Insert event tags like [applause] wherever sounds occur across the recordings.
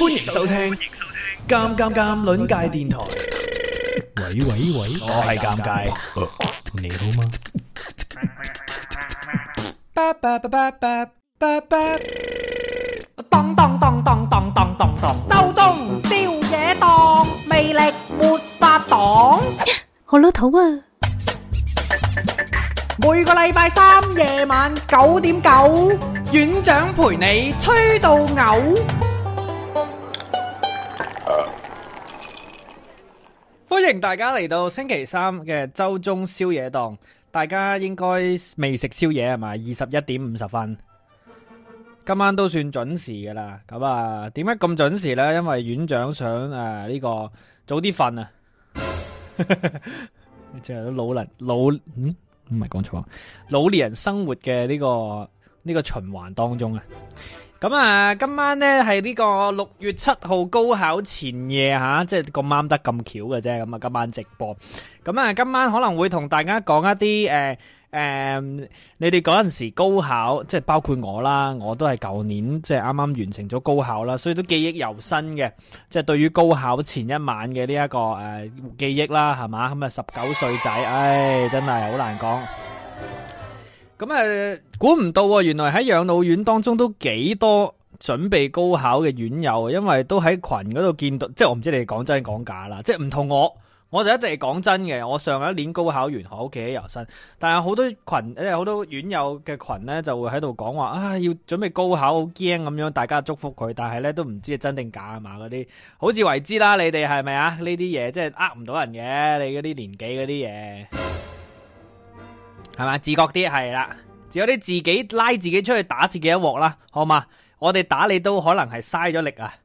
歡迎收聽《尷尷尷》輪界電台。喂喂喂，我係尷尬，你好嗎？咚咚咚咚咚咚咚咚，刀洞燒野檔，魅力沒法擋。好老土啊！每個禮拜三夜晚九點九，院長陪你吹到嘔。歡迎大家嚟到星期三嘅周中宵夜檔，大家應該未食宵夜係嘛？二十一點五十分，今晚都算準時噶啦。咁啊，點解咁準時呢？因為院長想誒呢個早啲瞓啊。即係老鄰老唔係講錯老年人、嗯、生活嘅呢個呢個循環當中啊。咁啊，今晚呢係呢個六月七號高考前夜吓，即係咁啱得咁巧嘅啫。咁啊，今晚直播。咁啊，今晚可能會同大家講一啲誒誒，你哋嗰陣時高考，即係包括我啦，我都係舊年即係啱啱完成咗高考啦，所以都記憶猶新嘅。即係對於高考前一晚嘅呢一個誒、呃、記憶啦，係嘛？咁啊，十九歲仔，唉，真係好難講。咁啊，估唔、嗯、到喎，原來喺養老院當中都幾多準備高考嘅院友，因為都喺群嗰度見到，即係我唔知你哋講真講假啦，即係唔同我，我就一定係講真嘅。我上一年高考完，屋企喺游身，但係好多群，好多院友嘅群咧，就會喺度講話啊，要準備高考，好驚咁樣，大家祝福佢，但係咧都唔知係真定假啊嘛，嗰啲好自為之啦，你哋係咪啊？呢啲嘢即係呃唔到人嘅，你嗰啲年紀嗰啲嘢。係嘛？自覺啲係啦，只有啲自己拉自己出去打自己一鑊啦，好嘛？我哋打你都可能係嘥咗力啊！ [laughs]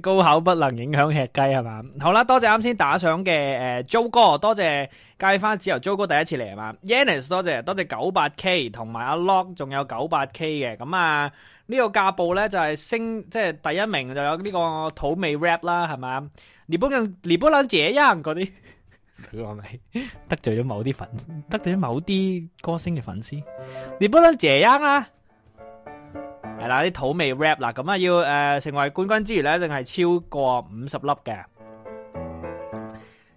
高考不能影響吃雞係嘛？好啦，多謝啱先打賞嘅誒 Jo 哥，多謝介翻自由 Jo 哥第一次嚟係嘛？Yennis 多謝多謝九八 K 同埋阿 Lock 仲有九八 K 嘅咁啊！這個、呢個架步咧就係、是、升，即、就、係、是、第一名就有呢個土味 rap 啦，係嘛？你不能你不能這樣嗰啲。佢係咪得罪咗某啲粉絲？得罪咗某啲歌星嘅粉絲？你不能這樣啦！係嗱啲土味 rap 嗱，咁啊要誒成為冠軍之餘咧，一定係超過五十粒嘅。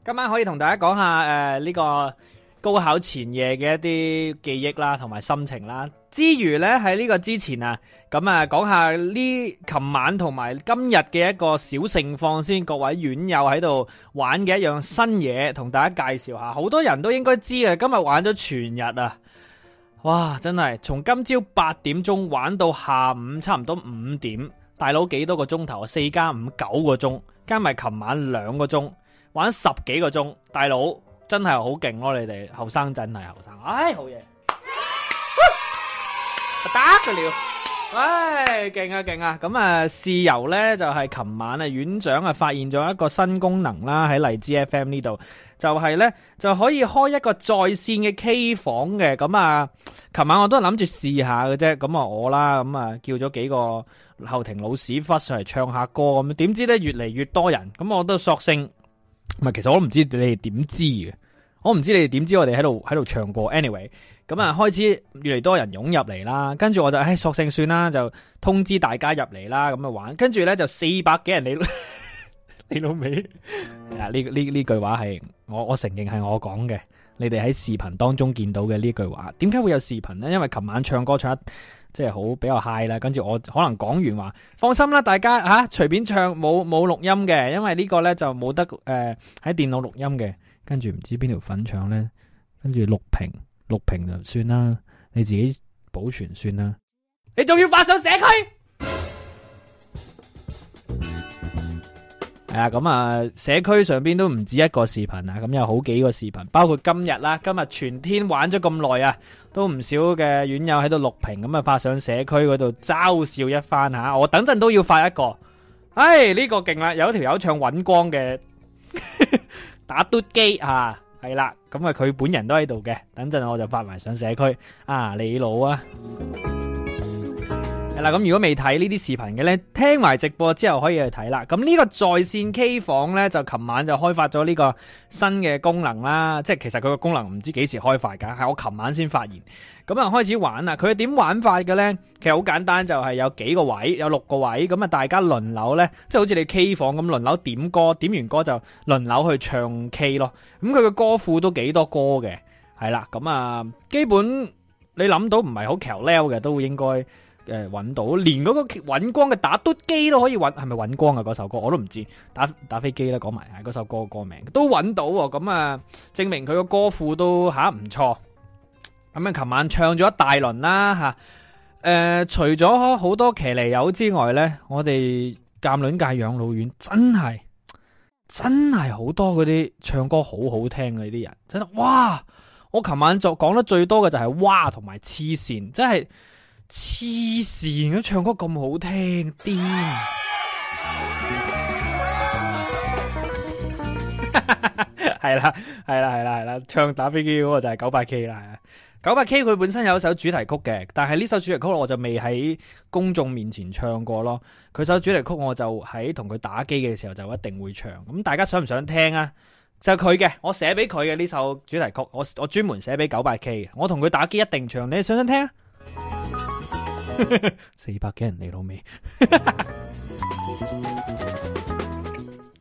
今晚可以同大家講下誒呢個高考前夜嘅一啲記憶啦，同埋心情啦。之餘呢，喺呢個之前啊，咁啊講下呢琴晚同埋今日嘅一個小盛況先。各位院友喺度玩嘅一樣新嘢，同大家介紹下。好多人都應該知啊，今日玩咗全日啊，哇！真係從今朝八點鐘玩到下午差唔多五點，大佬幾多個鐘頭啊？四加五九個鐘，加埋琴晚兩個鐘，玩十幾個鐘，大佬真係好勁咯！你哋後生仔真係後生，唉好嘢。得嘅了，唉、哎，勁啊勁啊！咁啊，事由咧就係、是、琴晚啊，院長啊發現咗一個新功能啦，喺荔枝 FM、就是、呢度就係咧就可以開一個在線嘅 K 房嘅。咁、嗯、啊，琴、嗯、晚我都諗住試下嘅啫。咁、嗯、啊，我啦，咁、嗯、啊、嗯、叫咗幾個後庭老屎忽上嚟唱下歌咁。點、嗯、知咧越嚟越多人，咁、嗯、我都索性唔係，其實我都唔知你哋點知嘅，我唔知你哋點知我哋喺度喺度唱過。Anyway。咁啊，開始越嚟多人湧入嚟啦，跟住我就誒、欸，索性算啦，就通知大家入嚟啦，咁啊玩。跟住呢就四百幾人，你你老味呢 [laughs] 呢句話係我我承認係我講嘅。你哋喺視頻當中見到嘅呢句話，點解會有視頻呢？因為琴晚唱歌唱得即係好比較嗨啦，跟住我可能講完話，放心啦，大家吓隨、啊、便唱，冇冇錄音嘅，因為呢個呢就冇得誒喺、呃、電腦錄音嘅。跟住唔知邊條粉腸呢？跟住錄屏。錄屏就算啦，你自己保存算啦。你仲要發上社區？係啊，咁啊，社區上邊都唔止一個視頻啊，咁有好幾個視頻，包括今日啦，今日全天玩咗咁耐啊，都唔少嘅院友喺度錄屏，咁啊發上社區嗰度嘲笑一番。吓，我等陣都要發一個。唉，呢個勁啦，有一條友唱搵光嘅 [laughs] 打嘟機啊！係啦，咁啊佢本人都喺度嘅，等陣我就發埋上社區啊，你老啊。係啦，咁如果未睇呢啲視頻嘅呢，聽埋直播之後可以去睇啦。咁呢個在綫 K 房呢，就琴晚就開發咗呢個新嘅功能啦。即係其實佢個功能唔知幾時開發噶，係我琴晚先發現。咁啊，開始玩啦。佢係點玩法嘅呢？其實好簡單，就係有幾個位，有六個位咁啊，大家輪流呢，即係好似你 K 房咁輪流點歌，點完歌就輪流去唱 K 咯。咁佢嘅歌庫都幾多歌嘅，係啦。咁啊，基本你諗到唔係好 r l 嘅，都應該。誒，揾到連嗰個揾光嘅打嘟機都可以揾，係咪揾光啊？嗰首歌我都唔知打打飛機啦，講埋係嗰首歌歌名都揾到，咁啊證明佢個歌庫都吓唔錯。咁啊，琴晚唱咗一大輪啦，吓誒，除咗好多騎呢友之外呢，我哋鑒卵界養老院真係真係好多嗰啲唱歌好好聽嘅呢啲人，真係哇！我琴晚就講得最多嘅就係哇同埋黐線，真係。黐線，佢唱歌咁好聽，啲係啦，係啦，係啦，係啦，唱打飛機嗰個就係九八 K 啦。九八 K 佢本身有首主題曲嘅，但係呢首主題曲我就未喺公眾面前唱過咯。佢首主題曲我就喺同佢打機嘅時候就一定會唱。咁大家想唔想聽啊？就佢嘅，我寫俾佢嘅呢首主題曲，我我專門寫俾九八 K 嘅。我同佢打機一定唱，你想唔想聽啊？ [laughs] 四百幾人嚟到未？ [laughs]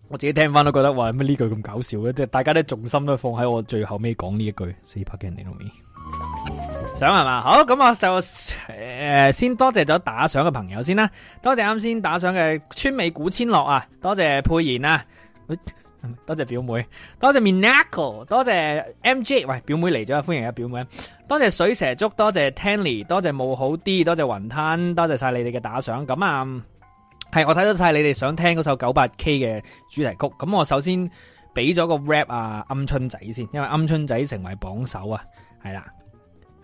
我自己聽翻都覺得，哇，乜呢句咁搞笑嘅？即係大家啲重心都放喺我最後尾講呢一句，四百幾人嚟到未？想係嘛？好，咁我就誒、呃、先多謝咗打賞嘅朋友先啦，多謝啱先打賞嘅川美古千樂啊，多謝佩然啊。哎多謝表妹，多謝 Minako，多謝 MJ，喂，表妹嚟咗，歡迎啊表妹，多謝水蛇粥，多謝 Tanny，多謝冇好 D，多謝雲吞，多謝晒你哋嘅打賞，咁啊係我睇到晒你哋想聽嗰首 98K 嘅主題曲，咁我首先俾咗個 rap 啊鵪鶉仔先，因為鵪鶉仔成為榜首啊，係啦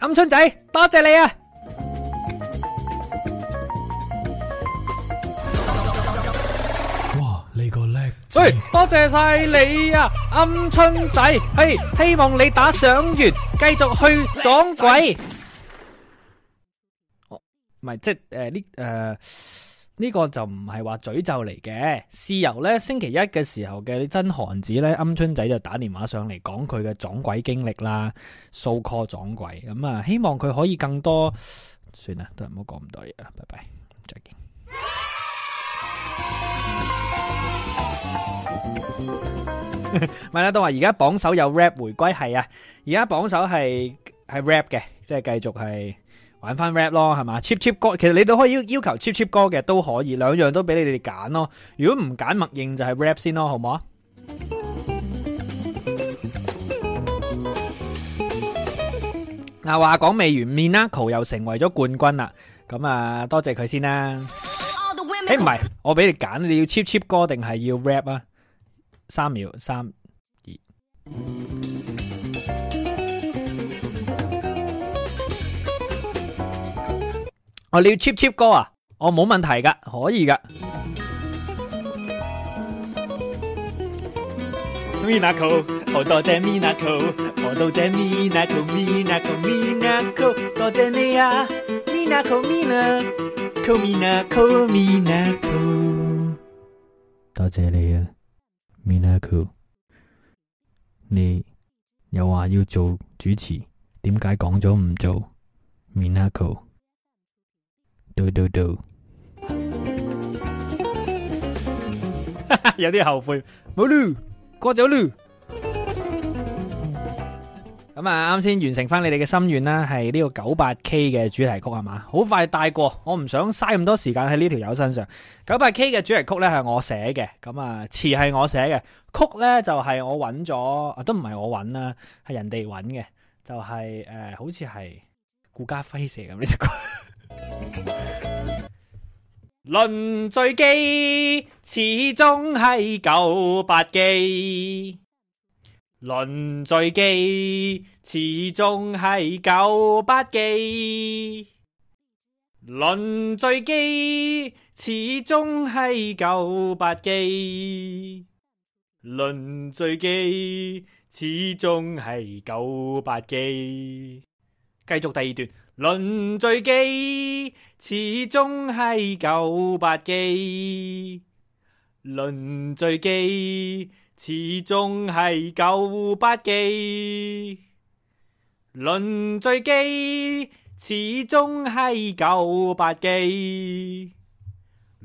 鵪鶉仔多謝你啊！喂，多謝晒你啊，鵪鶉仔！嘿，希望你打賞完，繼續去撞鬼。唔係仔、哦、即係誒呢誒呢個就唔係話詛咒嚟嘅，是由咧星期一嘅時候嘅真韓子咧鵪鶉仔就打電話上嚟講佢嘅撞鬼經歷啦，數、so、call 撞鬼咁啊、嗯，希望佢可以更多。算啦，都係唔好講咁多嘢啦，拜拜，再見。米拉都話而家榜首有 rap 回歸係啊，而家榜首係係 rap 嘅，即係繼續係玩翻 rap 咯，係嘛？cheap cheap 歌，其實你都可以要求 cheap cheap 歌嘅都可以，兩樣都俾你哋揀咯。如果唔揀默認就係 rap 先咯，好唔好啊？嗱，話講未完面啦，Cool 又成為咗冠軍啦，咁啊多謝佢先啦。誒，唔係，我俾你揀，你要 cheap cheap 歌定係要 rap 啊？三秒，三、二。我、哦、你要 cheap cheap 歌啊？我、哦、冇問題㗎，可以㗎。咪拿口，我多謝咪拿口，我多謝咪拿口，咪拿口咪拿口，多謝你啊！咪拿口咪拿口咪拿口咪拿口，多謝你啊！Minako，你又話要做主持，點解講咗唔做？Minako，do do do，有啲後悔，冇嘞，過咗嘞。咁啊，啱先、嗯、完成翻你哋嘅心願啦，係呢個九八 K 嘅主題曲係嘛，好快帶過，我唔想嘥咁多時間喺呢條友身上。九八 K 嘅主題曲呢係我寫嘅，咁啊詞係我寫嘅，曲呢就係、是、我揾咗、啊，都唔係我揾啦，係人哋揾嘅，就係、是、誒、呃，好似係顧嘉輝寫咁呢隻曲。《輪轉機，始終係九八 K。論聚機，始終係九八機。論聚機，始終係九八機。論聚機，始終係九八機。繼續第二段。論聚機，始終係九八機。論聚機。始終係九百記，論醉雞始終係九百記，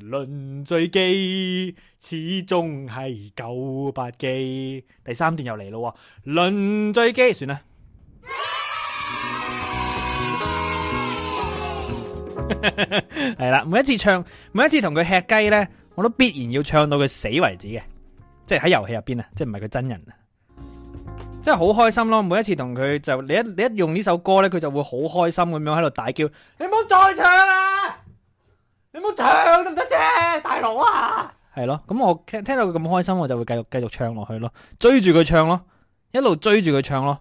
論醉雞始終係九百記。第三段又嚟咯，論醉雞算啦。係 [laughs] 啦，每一次唱，每一次同佢吃雞咧，我都必然要唱到佢死為止嘅。即係喺遊戲入邊啊！即係唔係佢真人啊！即係好開心咯！每一次同佢就你一你一用呢首歌咧，佢就會好開心咁樣喺度大叫：你唔好再唱啦，啊！你唔好唱得唔得啫，大佬啊！係咯，咁我聽聽到佢咁開心，我就會繼續繼續唱落去咯，追住佢唱咯，一路追住佢唱咯。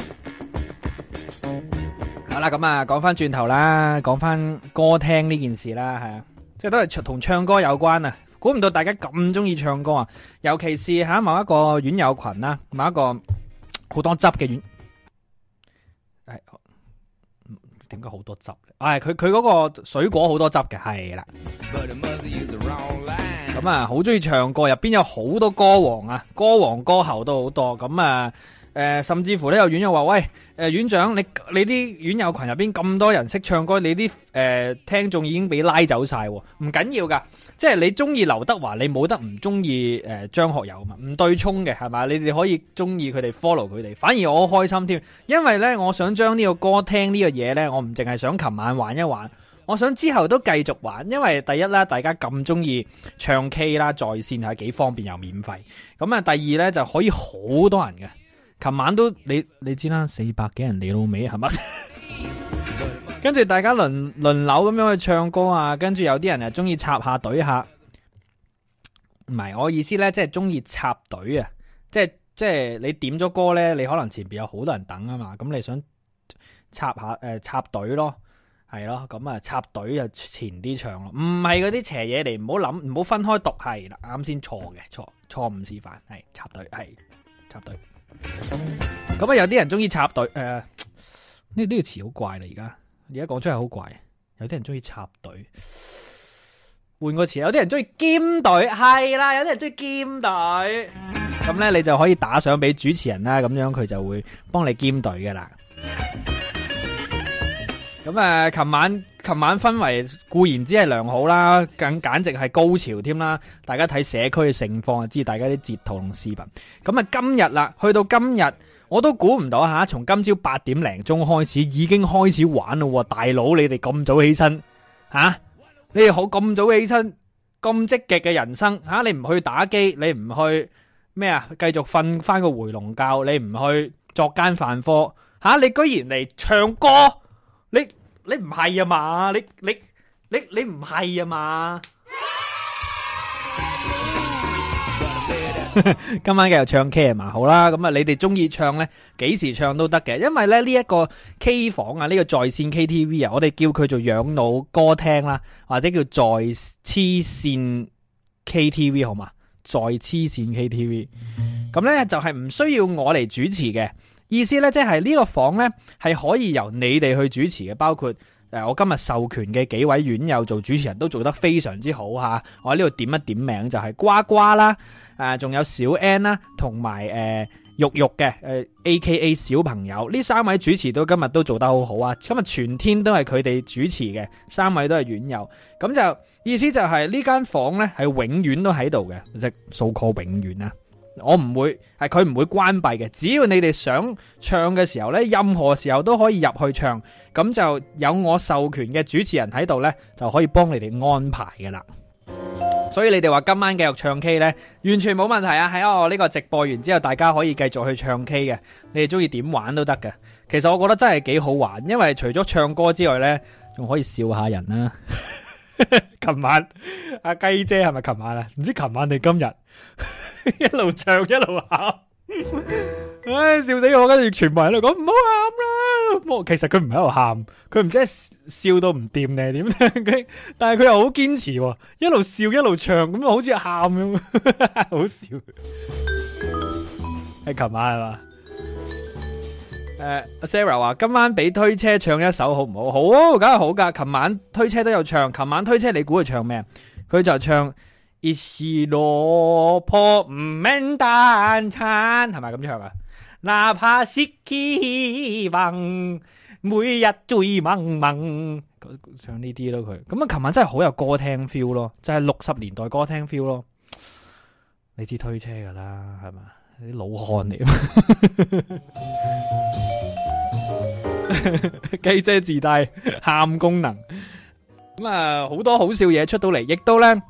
[music] 好啦，咁啊，講翻轉頭啦，講翻歌廳呢件事啦，係啊。即係都係同唱歌有關啊！估唔到大家咁中意唱歌啊，尤其是嚇某一個院友群啦，某一個好多汁嘅院，係點解好多汁？啊、哎，佢佢嗰個水果好多汁嘅，係啦。咁啊，好中意唱歌，入邊有好多歌王啊，歌王歌喉都好多，咁啊。誒、呃，甚至乎呢，有院友話，喂，誒、呃、院長你你啲院友群入邊咁多人識唱歌，你啲誒、呃、聽眾已經俾拉走晒，唔緊要噶，即係你中意劉德華，你冇得唔中意誒張學友啊嘛，唔對衝嘅係咪？你哋可以中意佢哋 follow 佢哋，反而我開心添，因為呢，我想將呢個歌聽呢個嘢呢，我唔淨係想琴晚玩一玩，我想之後都繼續玩，因為第一啦，大家咁中意唱 K 啦，在綫係幾方便又免費，咁啊，第二呢，就可以好多人嘅。琴晚都你你知啦，四百幾人嚟到尾係咪？ [laughs] 跟住大家輪輪流咁樣去唱歌啊，跟住有啲人又中意插下隊下。唔係我意思咧，即係中意插隊啊！即係即係你點咗歌咧，你可能前邊有好多人等啊嘛，咁你想插下誒、呃、插隊咯，係咯，咁啊插隊就前啲唱咯。唔係嗰啲邪嘢嚟，唔好諗，唔好分開讀。係啦，啱先錯嘅錯錯誤示範係插隊係插隊。咁啊，有啲人中意插隊誒，呢呢個詞好怪啦，而家而家講出係好怪，有啲人中意插隊，換個詞，有啲人中意兼隊，係啦，有啲人中意兼隊，咁咧你就可以打上俾主持人啦，咁樣佢就會幫你兼隊噶啦。咁誒，琴、嗯、晚琴晚氛圍固然只係良好啦，更簡直係高潮添啦。大家睇社區嘅盛況就知大家啲截圖同視頻。咁、嗯、啊，今日啦，去到今日我都估唔到吓，從今朝八點零鐘開始已經開始玩喎。大佬，你哋咁早起身吓、啊？你哋好咁早起身咁積極嘅人生吓、啊？你唔去打機，你唔去咩啊？繼續瞓翻個回籠覺，你唔去作奸犯科吓？你居然嚟唱歌？你你唔係啊嘛，你你你你唔係啊嘛。 [laughs] 今晚繼續唱 K 啊嘛，好啦，咁啊你哋中意唱咧，幾時唱都得嘅，因為咧呢一個 K 房啊，呢、這個在線 KTV 啊，我哋叫佢做養老歌廳啦，或者叫在黐線 KTV 好嘛，在黐線 KTV，咁咧就係唔需要我嚟主持嘅。意思呢，即係呢個房呢，係可以由你哋去主持嘅，包括我今日授權嘅幾位院友做主持人，都做得非常之好嚇。我喺呢度點一點名，就係瓜瓜啦，誒，仲有小 N 啦，同埋誒玉玉嘅、呃、A K A 小朋友，呢三位主持都今日都做得好好啊！今日全天都係佢哋主持嘅，三位都係院友，咁就意思就係呢間房呢，係永遠都喺度嘅，即係數個永遠啊！我唔會係佢唔會關閉嘅，只要你哋想唱嘅時候呢，任何時候都可以入去唱，咁就有我授權嘅主持人喺度呢，就可以幫你哋安排噶啦。所以你哋話今晚繼續唱 K 呢，完全冇問題啊！喺我呢個直播完之後，大家可以繼續去唱 K 嘅，你哋中意點玩都得嘅。其實我覺得真係幾好玩，因為除咗唱歌之外呢，仲可以笑下人啦、啊。 [laughs] 琴晚阿雞姐係咪琴晚啊？唔知琴晚定今日？一路唱一路喊，唉笑死我！跟住全部喺度講唔好喊啦。其實佢唔喺度喊，佢唔知係笑到唔掂定係點？但係佢又好堅持，一路笑一路唱，咁就好似喊咁，好笑。係琴晚係嘛？誒，Sarah 話今晚俾推車唱一首好唔好？好，梗係好噶。琴晚推車都有唱，琴晚推車你估佢唱咩？佢就唱。Is 一時落魄唔免嘆產，係咪咁唱啊？哪怕失希望，每日醉蒙蒙，唱呢啲咯佢咁啊。琴晚真係好有歌廳 feel 咯，就係六十年代歌廳 feel 咯。你知推車噶啦，係咪你老漢嚟？雞姐自帶喊功能咁啊，好 [laughs] 多好笑嘢出到嚟，亦都咧。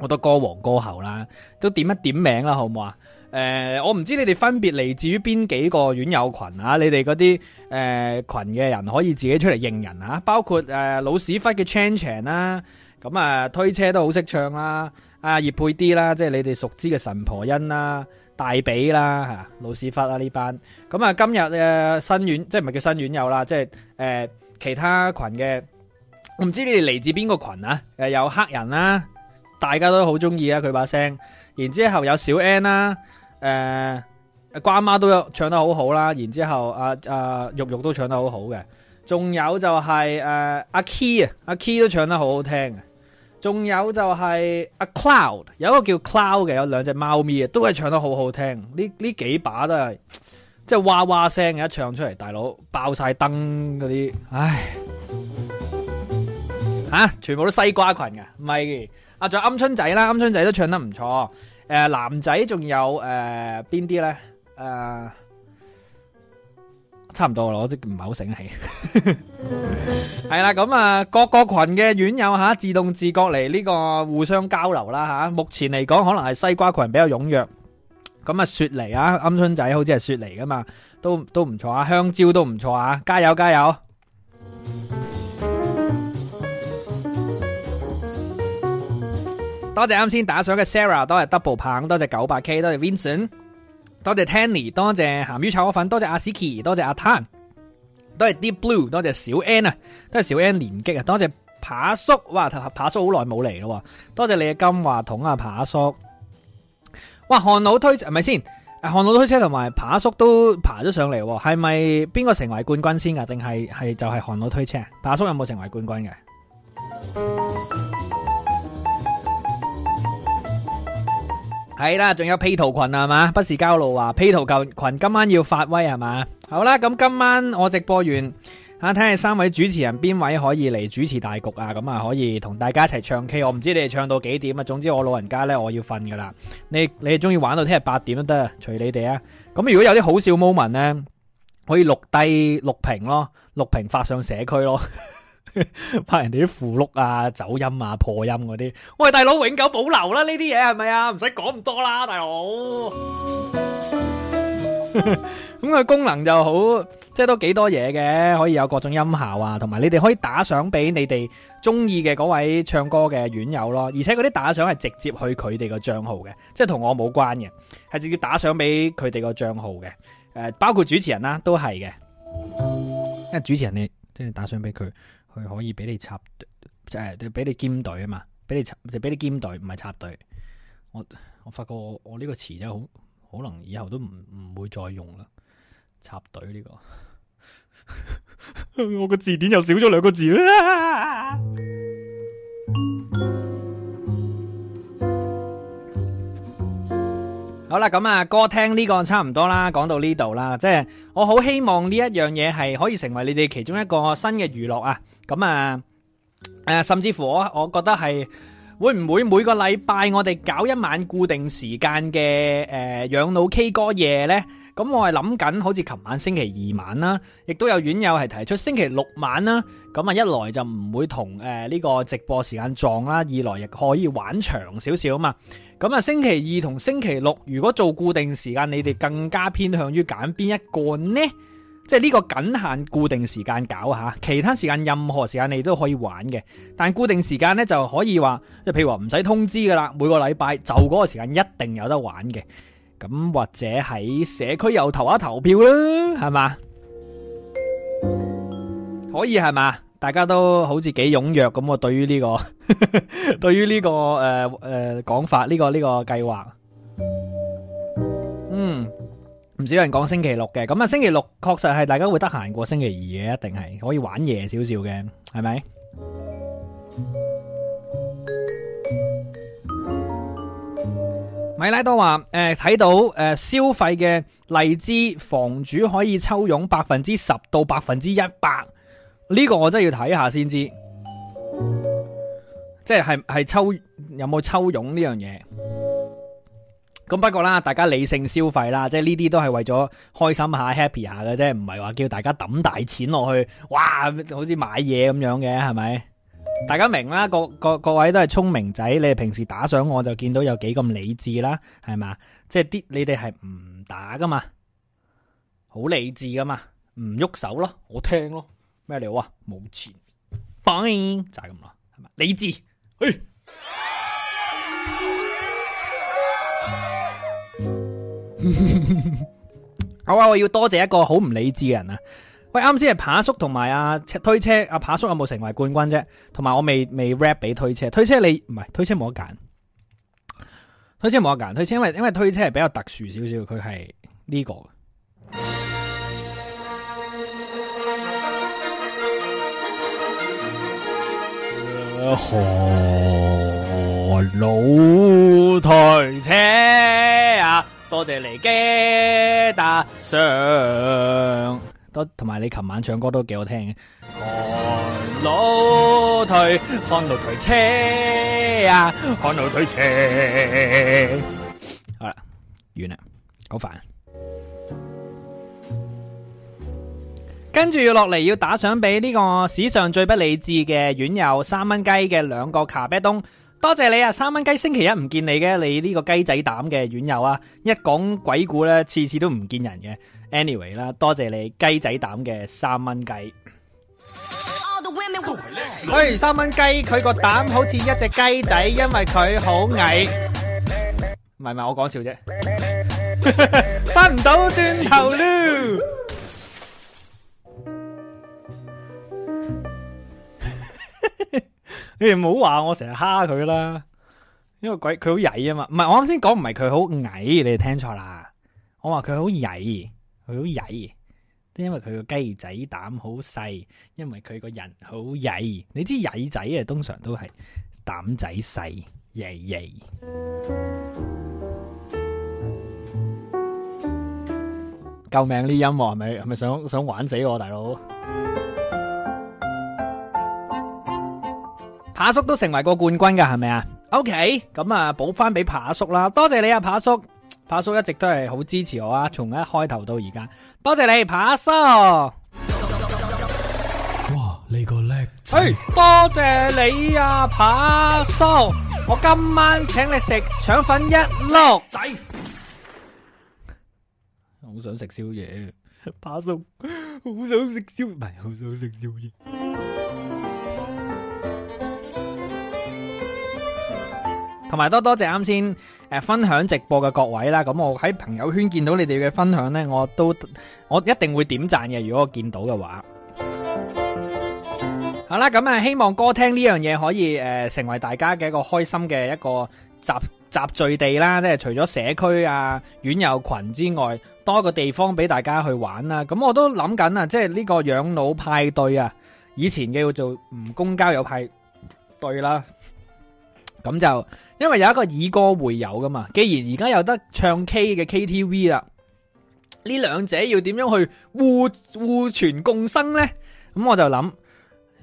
好多歌王歌后啦，都點一點名啦，好唔好啊？誒、呃，我唔知你哋分別嚟自於邊幾個院友群啊？你哋嗰啲誒群嘅人可以自己出嚟認人啊。包括誒、呃、老屎忽嘅 Chan Chan 啦，咁啊推車都好識唱啦、啊。啊葉佩 D 啦，即係你哋熟知嘅神婆恩、啊、啦、大髀啦嚇、老屎忽啦呢班。咁啊，今日嘅、呃、新院即係唔係叫新院友啦，即係誒、呃、其他群嘅。我唔知你哋嚟自邊個群啊？誒有黑人啦、啊。大家都好中意啊！佢把聲，然之後有小 N 啦、啊，誒、呃，瓜媽都有唱得好好、啊、啦，然之後啊啊玉玉都唱得好好嘅，仲有就係誒阿 Key 啊，阿 key, key 都唱得好好聽，仲有就係阿 Cloud，有一個叫 Cloud 嘅，有兩隻貓咪啊，都係唱得好好聽，呢呢幾把都係即係哇哇聲嘅一唱出嚟，大佬爆晒燈嗰啲，唉，吓、啊、全部都西瓜群㗎，唔係。啊，仲有鵪鶉仔啦，鵪鶉仔都唱得唔錯。誒，男仔仲有誒邊啲咧？誒，差唔多咯，我即唔係好醒起。係啦，咁啊，各個群嘅院友吓，自動自覺嚟呢個互相交流啦吓。目前嚟講，可能係西瓜群比較踴躍。咁啊，雪梨啊，鵪鶉仔好似係雪梨噶嘛，都都唔錯啊，香蕉都唔錯啊，加油加油！多謝啱先打賞嘅 Sarah，多謝 double 棒，多謝九百 K，多謝 Vincent，多謝 Tanny，多謝咸魚炒粉，多謝阿 Ski，多謝阿 Tan，多謝 Deep Blue，多謝小 N 啊，多謝小 N 連擊啊，多謝扒叔，哇，扒叔好耐冇嚟咯，多謝你嘅金話筒啊，扒叔，哇，韓老推係咪先？誒，韓老推車同埋扒叔都爬咗上嚟，係咪邊個成為冠軍先噶？定係係就係韓老推車？扒叔有冇成為冠軍嘅？係啦，仲有 P 圖群係嘛，不是交流啊。P 圖群群今晚要發威係嘛？好啦，咁今晚我直播完，吓睇下三位主持人邊位可以嚟主持大局啊？咁啊可以同大家一齊唱 K。我唔知你哋唱到幾點啊？總之我老人家呢，我要瞓噶啦。你你中意玩到聽日八點都得，隨你哋啊。咁如果有啲好笑 moment 呢，可以錄低錄屏咯，錄屏發上社區咯。 [laughs] 拍人哋啲附錄啊、走音啊、破音嗰啲。喂大佬永久保留啦！呢啲嘢係咪啊？唔使講咁多啦，大佬。咁佢 [laughs] 功能就好，即係都幾多嘢嘅，可以有各種音效啊，同埋你哋可以打賞俾你哋中意嘅嗰位唱歌嘅院友咯。而且嗰啲打賞係直接去佢哋個賬號嘅，即係同我冇關嘅，係直接打賞俾佢哋個賬號嘅。誒、呃，包括主持人啦、啊，都係嘅，因為主持人你即係、就是、打賞俾佢。佢可以俾你插隊，就係俾你兼隊啊嘛，俾你插就俾你兼隊，唔係插隊。我我發覺我呢個詞真係好可能以後都唔唔會再用啦。插隊呢個， [laughs] 我個字典又少咗兩個字啦。 [laughs] 好啦，咁啊歌聽呢個差唔多啦，講到呢度啦，即係我好希望呢一樣嘢係可以成為你哋其中一個新嘅娛樂啊！咁啊，甚至乎我我覺得係會唔會每個禮拜我哋搞一晚固定時間嘅誒、呃、養老 K 歌夜呢？咁我係諗緊，好似琴晚星期二晚啦，亦都有院友係提出星期六晚啦。咁啊，一來就唔會同呢、呃呢個直播時間撞啦，二來亦可以玩長少少啊嘛。咁啊，星期二同星期六，如果做固定時間，你哋更加偏向於揀邊一個呢？即係呢個僅限固定時間搞下，其他時間任何時間你都可以玩嘅。但固定時間呢，就可以話，即係譬如話唔使通知噶啦，每個禮拜就嗰個時間一定有得玩嘅。咁或者喺社區又投一投票啦，係嘛？可以係嘛？大家都好似幾踊躍咁啊！對於呢個， [laughs] 對於呢個誒誒、呃呃、講法，呢個呢個計劃。唔少人講星期六嘅，咁啊星期六確實係大家會得閒過星期二嘅，一定係可以玩夜少少嘅，係咪？米拉多話：誒、呃，睇到誒、呃、消費嘅荔枝房主可以抽佣百分之十到百分之一百，呢、這個我真係要睇下先知，即係係係抽有冇抽佣呢樣嘢？咁不過啦，大家理性消費啦，即係呢啲都係為咗開心下、happy 下嘅啫，唔係話叫大家抌大錢落去，哇，好似買嘢咁樣嘅，係咪？大家明啦，各各各位都係聰明仔，你哋平時打賞我就見到有幾咁理智啦，係嘛？即係啲你哋係唔打噶嘛，好理智噶嘛，唔喐手咯，我聽咯，咩料啊？冇錢，bye，就係咁咯，係嘛？理智，嘿。 [laughs] [laughs] 好啊，我要多謝一個好唔理智嘅人啊！喂，啱先係扒叔同埋阿推車阿扒、啊、叔有冇成為冠軍啫？同埋我未未 rap 俾推車，推車你唔係推車冇得揀，推車冇得揀，推車因為因為推車係比較特殊少少，佢係呢個河 [music] 老台車啊！多謝你嘅打賞，都同埋你琴晚唱歌都幾好聽嘅。看老退，看老退車呀，看老退車。好啦，完啦，好煩。跟住要落嚟，要打賞俾呢個史上最不理智嘅院友三蚊雞嘅兩個卡啤東。多謝你啊，三蚊雞星期一唔見你嘅。你呢個雞仔膽嘅院友啊，一講鬼故咧，次次都唔見人嘅，anyway 啦，多謝你雞仔膽嘅三蚊雞。誒，hey，三蚊雞佢個膽好似一隻雞仔，因為佢好矮。唔係唔係，我講笑啫。翻唔到轉頭咯。你唔好話我成日蝦佢啦，因為鬼佢好曳啊嘛。唔係我啱先講唔係佢好矮，你聽錯啦。我話佢好曳，佢好曳，都因為佢個雞仔膽好細，因為佢個人好曳。你知曳仔啊，通常都係膽仔細，曳曳。救命！呢音樂係咪係咪想想玩死我，大佬？扒叔都成為過冠軍噶，係咪啊？OK，咁啊補翻俾扒叔啦，多謝你啊，扒叔！扒叔一直都係好支持我啊，從一開頭到而家，多謝你，扒叔！哇，你個叻！誒、欸，多謝你啊，扒叔！我今晚請你食腸粉一碌仔，好子 [laughs] 想食宵夜，扒叔，好想食宵，唔係好想食宵夜。不是同埋多多謝啱先誒分享直播嘅各位啦，咁我喺朋友圈見到你哋嘅分享呢，我都我一定會點贊嘅，如果我見到嘅話。 [music] 好啦，咁、嗯、啊，希望歌廳呢樣嘢可以誒、呃、成為大家嘅一個開心嘅一個集集聚地啦，即係除咗社區啊、院友群之外，多一個地方俾大家去玩啦。咁、嗯、我都諗緊啊，即係呢個養老派對啊，以前嘅叫做唔公交友派對啦，咁就。因為有一個以歌會友噶嘛，既然而家有得唱 K 嘅 KTV 啦，呢兩者要點樣去互互傳共生呢？咁我就諗，誒、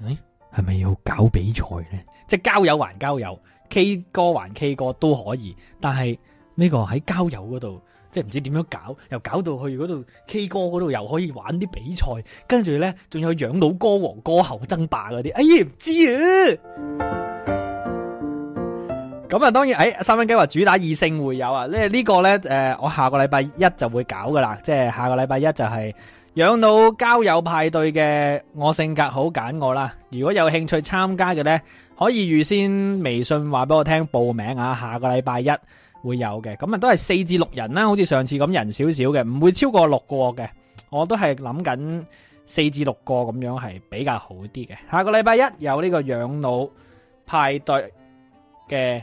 哎，係咪要搞比賽呢？即係交友還交友，K 歌還 K 歌都可以，但係呢個喺交友嗰度，即係唔知點樣搞，又搞到去嗰度 K 歌嗰度又可以玩啲比賽，跟住呢，仲有養老歌王歌后爭霸嗰啲，哎呀唔知啊～咁啊，當然，誒、哎，三蚊雞話主打異性會友啊，呢、這、呢個呢誒、呃，我下個禮拜一就會搞噶啦，即係下個禮拜一就係養老交友派對嘅，我性格好揀我啦，如果有興趣參加嘅呢，可以預先微信話俾我聽報名啊，下個禮拜一會有嘅，咁啊都係四至六人啦，好似上次咁人少少嘅，唔會超過六個嘅，我都係諗緊四至六個咁樣係比較好啲嘅，下個禮拜一有呢個養老派對嘅。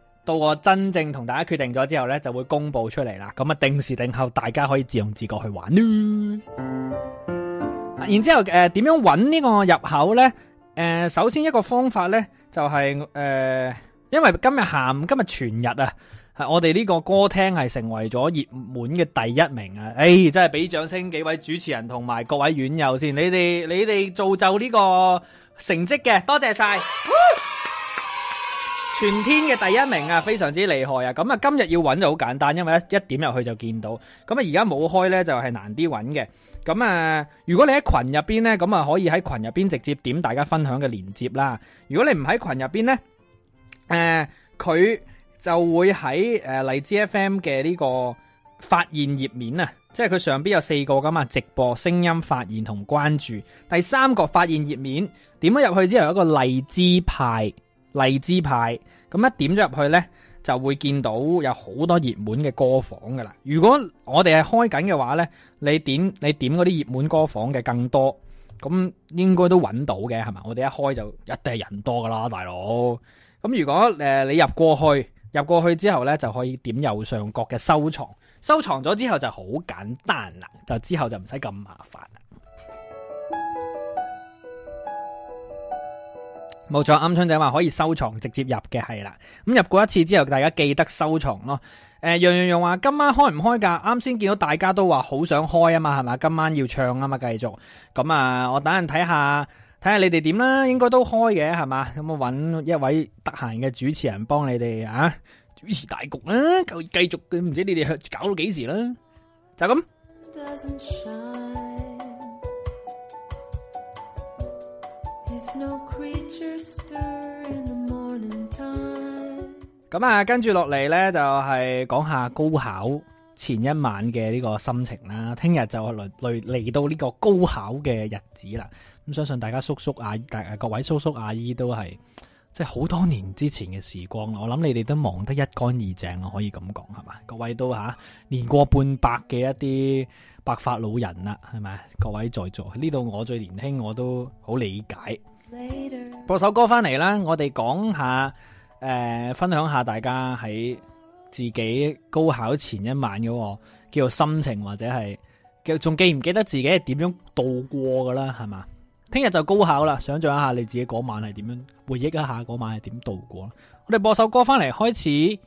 到我真正同大家決定咗之後呢，就會公布出嚟啦。咁啊，定時定候，大家可以自用自覺去玩啦。然之後誒，點樣搵呢個入口呢？誒，首先一個方法呢，就係誒，因為今日下午，今日全日啊，係我哋呢個歌廳係成為咗熱門嘅第一名啊！誒，真係俾掌聲幾位主持人同埋各位院友先，你哋你哋造就呢個成績嘅，多謝晒。 [laughs] 全天嘅第一名啊，非常之厲害啊！咁啊，今日要揾就好簡單，因為一點入去就見到。咁啊，而家冇開呢，就係、是、難啲揾嘅。咁啊，如果你喺群入邊呢，咁啊可以喺群入邊直接點大家分享嘅鏈接啦。如果你唔喺群入邊呢，誒、呃、佢就會喺誒荔枝 FM 嘅呢個發現頁面啊，即係佢上邊有四個噶嘛，直播、聲音、發現同關注，第三個發現頁面點咗入去之後有一個荔枝派。荔枝派咁一點咗入去呢，就會見到有好多熱門嘅歌房噶啦。如果我哋係開緊嘅話呢，你點你點嗰啲熱門歌房嘅更多，咁應該都揾到嘅係咪？我哋一開就一定係人多噶啦，大佬。咁如果誒你入過去，入過去之後呢，就可以點右上角嘅收藏，收藏咗之後就好簡單啦，就之後就唔使咁麻煩啦。冇錯，啱春仔話可以收藏直接入嘅係啦。咁入過一次之後，大家記得收藏咯。誒、呃，楊洋楊話今晚開唔開㗎？啱先見到大家都話好想開啊嘛，係咪？今晚要唱啊嘛，繼續。咁啊，我等陣睇下，睇下你哋點啦。應該都開嘅係嘛？咁我揾一位得閒嘅主持人幫你哋啊主持大局啦，繼繼續嘅唔知你哋去搞到幾時啦？就咁。咁啊，跟住落嚟呢就係、是、講下高考前一晚嘅呢個心情啦。聽日就來來嚟到呢個高考嘅日子啦。咁、嗯、相信大家叔叔阿姨大各位叔叔阿姨都係即係好多年之前嘅時光。我諗你哋都忙得一乾二淨，我可以咁講係嘛？各位都吓、啊、年過半百嘅一啲白髮老人啦，係咪？各位在座呢度，這裡我最年輕，我都好理解。播首歌翻嚟啦，我哋講下，誒、呃，分享下大家喺自己高考前一晚嘅我，叫做心情或者係，仲記唔記得自己係點樣度過噶啦？係嘛，聽日就高考啦，想象一下你自己嗰晚係點樣回憶一下嗰晚係點度過啦。我哋播首歌翻嚟開始，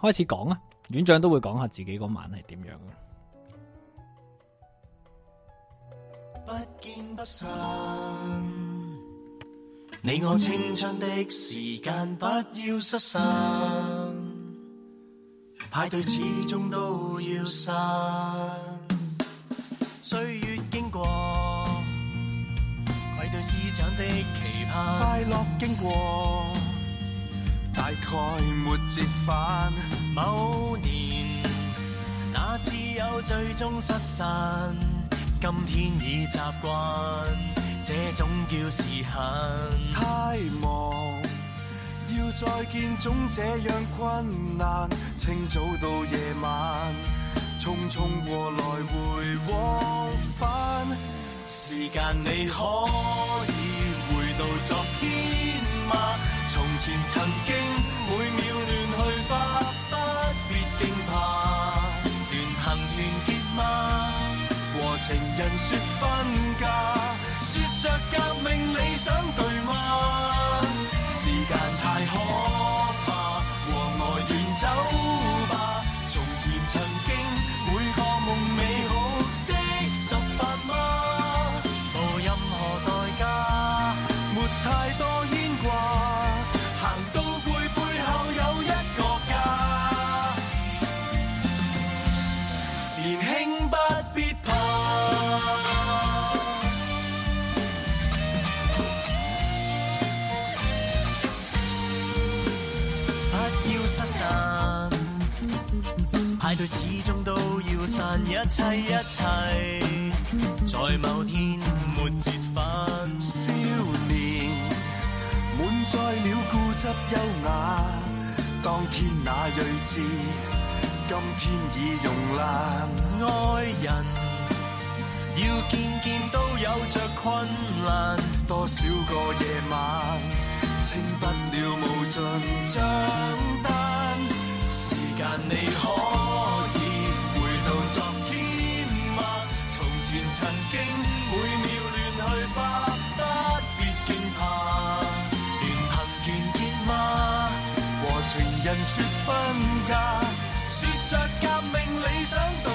開始講啊，院長都會講下自己嗰晚係點樣嘅，不見不散。你我青春的時間不要失散，派對始終都要散。歲月經過，愧對師長的期盼。快樂經過，大概沒折返。某年，那摯友最終失散，今天已習慣。這種叫時限太忙，要再見總這樣困難。清早到夜晚，匆匆過來回往返。時間你可以回到昨天嗎？從前曾經每秒亂去花，不必驚怕。緣行緣結嗎？和情人說分家。着革命理想。一切一切，在某天沒節返少年，滿載了固執優雅。當天那睿智，今天已溶爛。愛人，要見見都有着困難。多少個夜晚，清不了無盡賬單。時間，你可？曾經每秒亂去發，不必驚怕。連行團結嗎？和情人說分家，說着革命理想。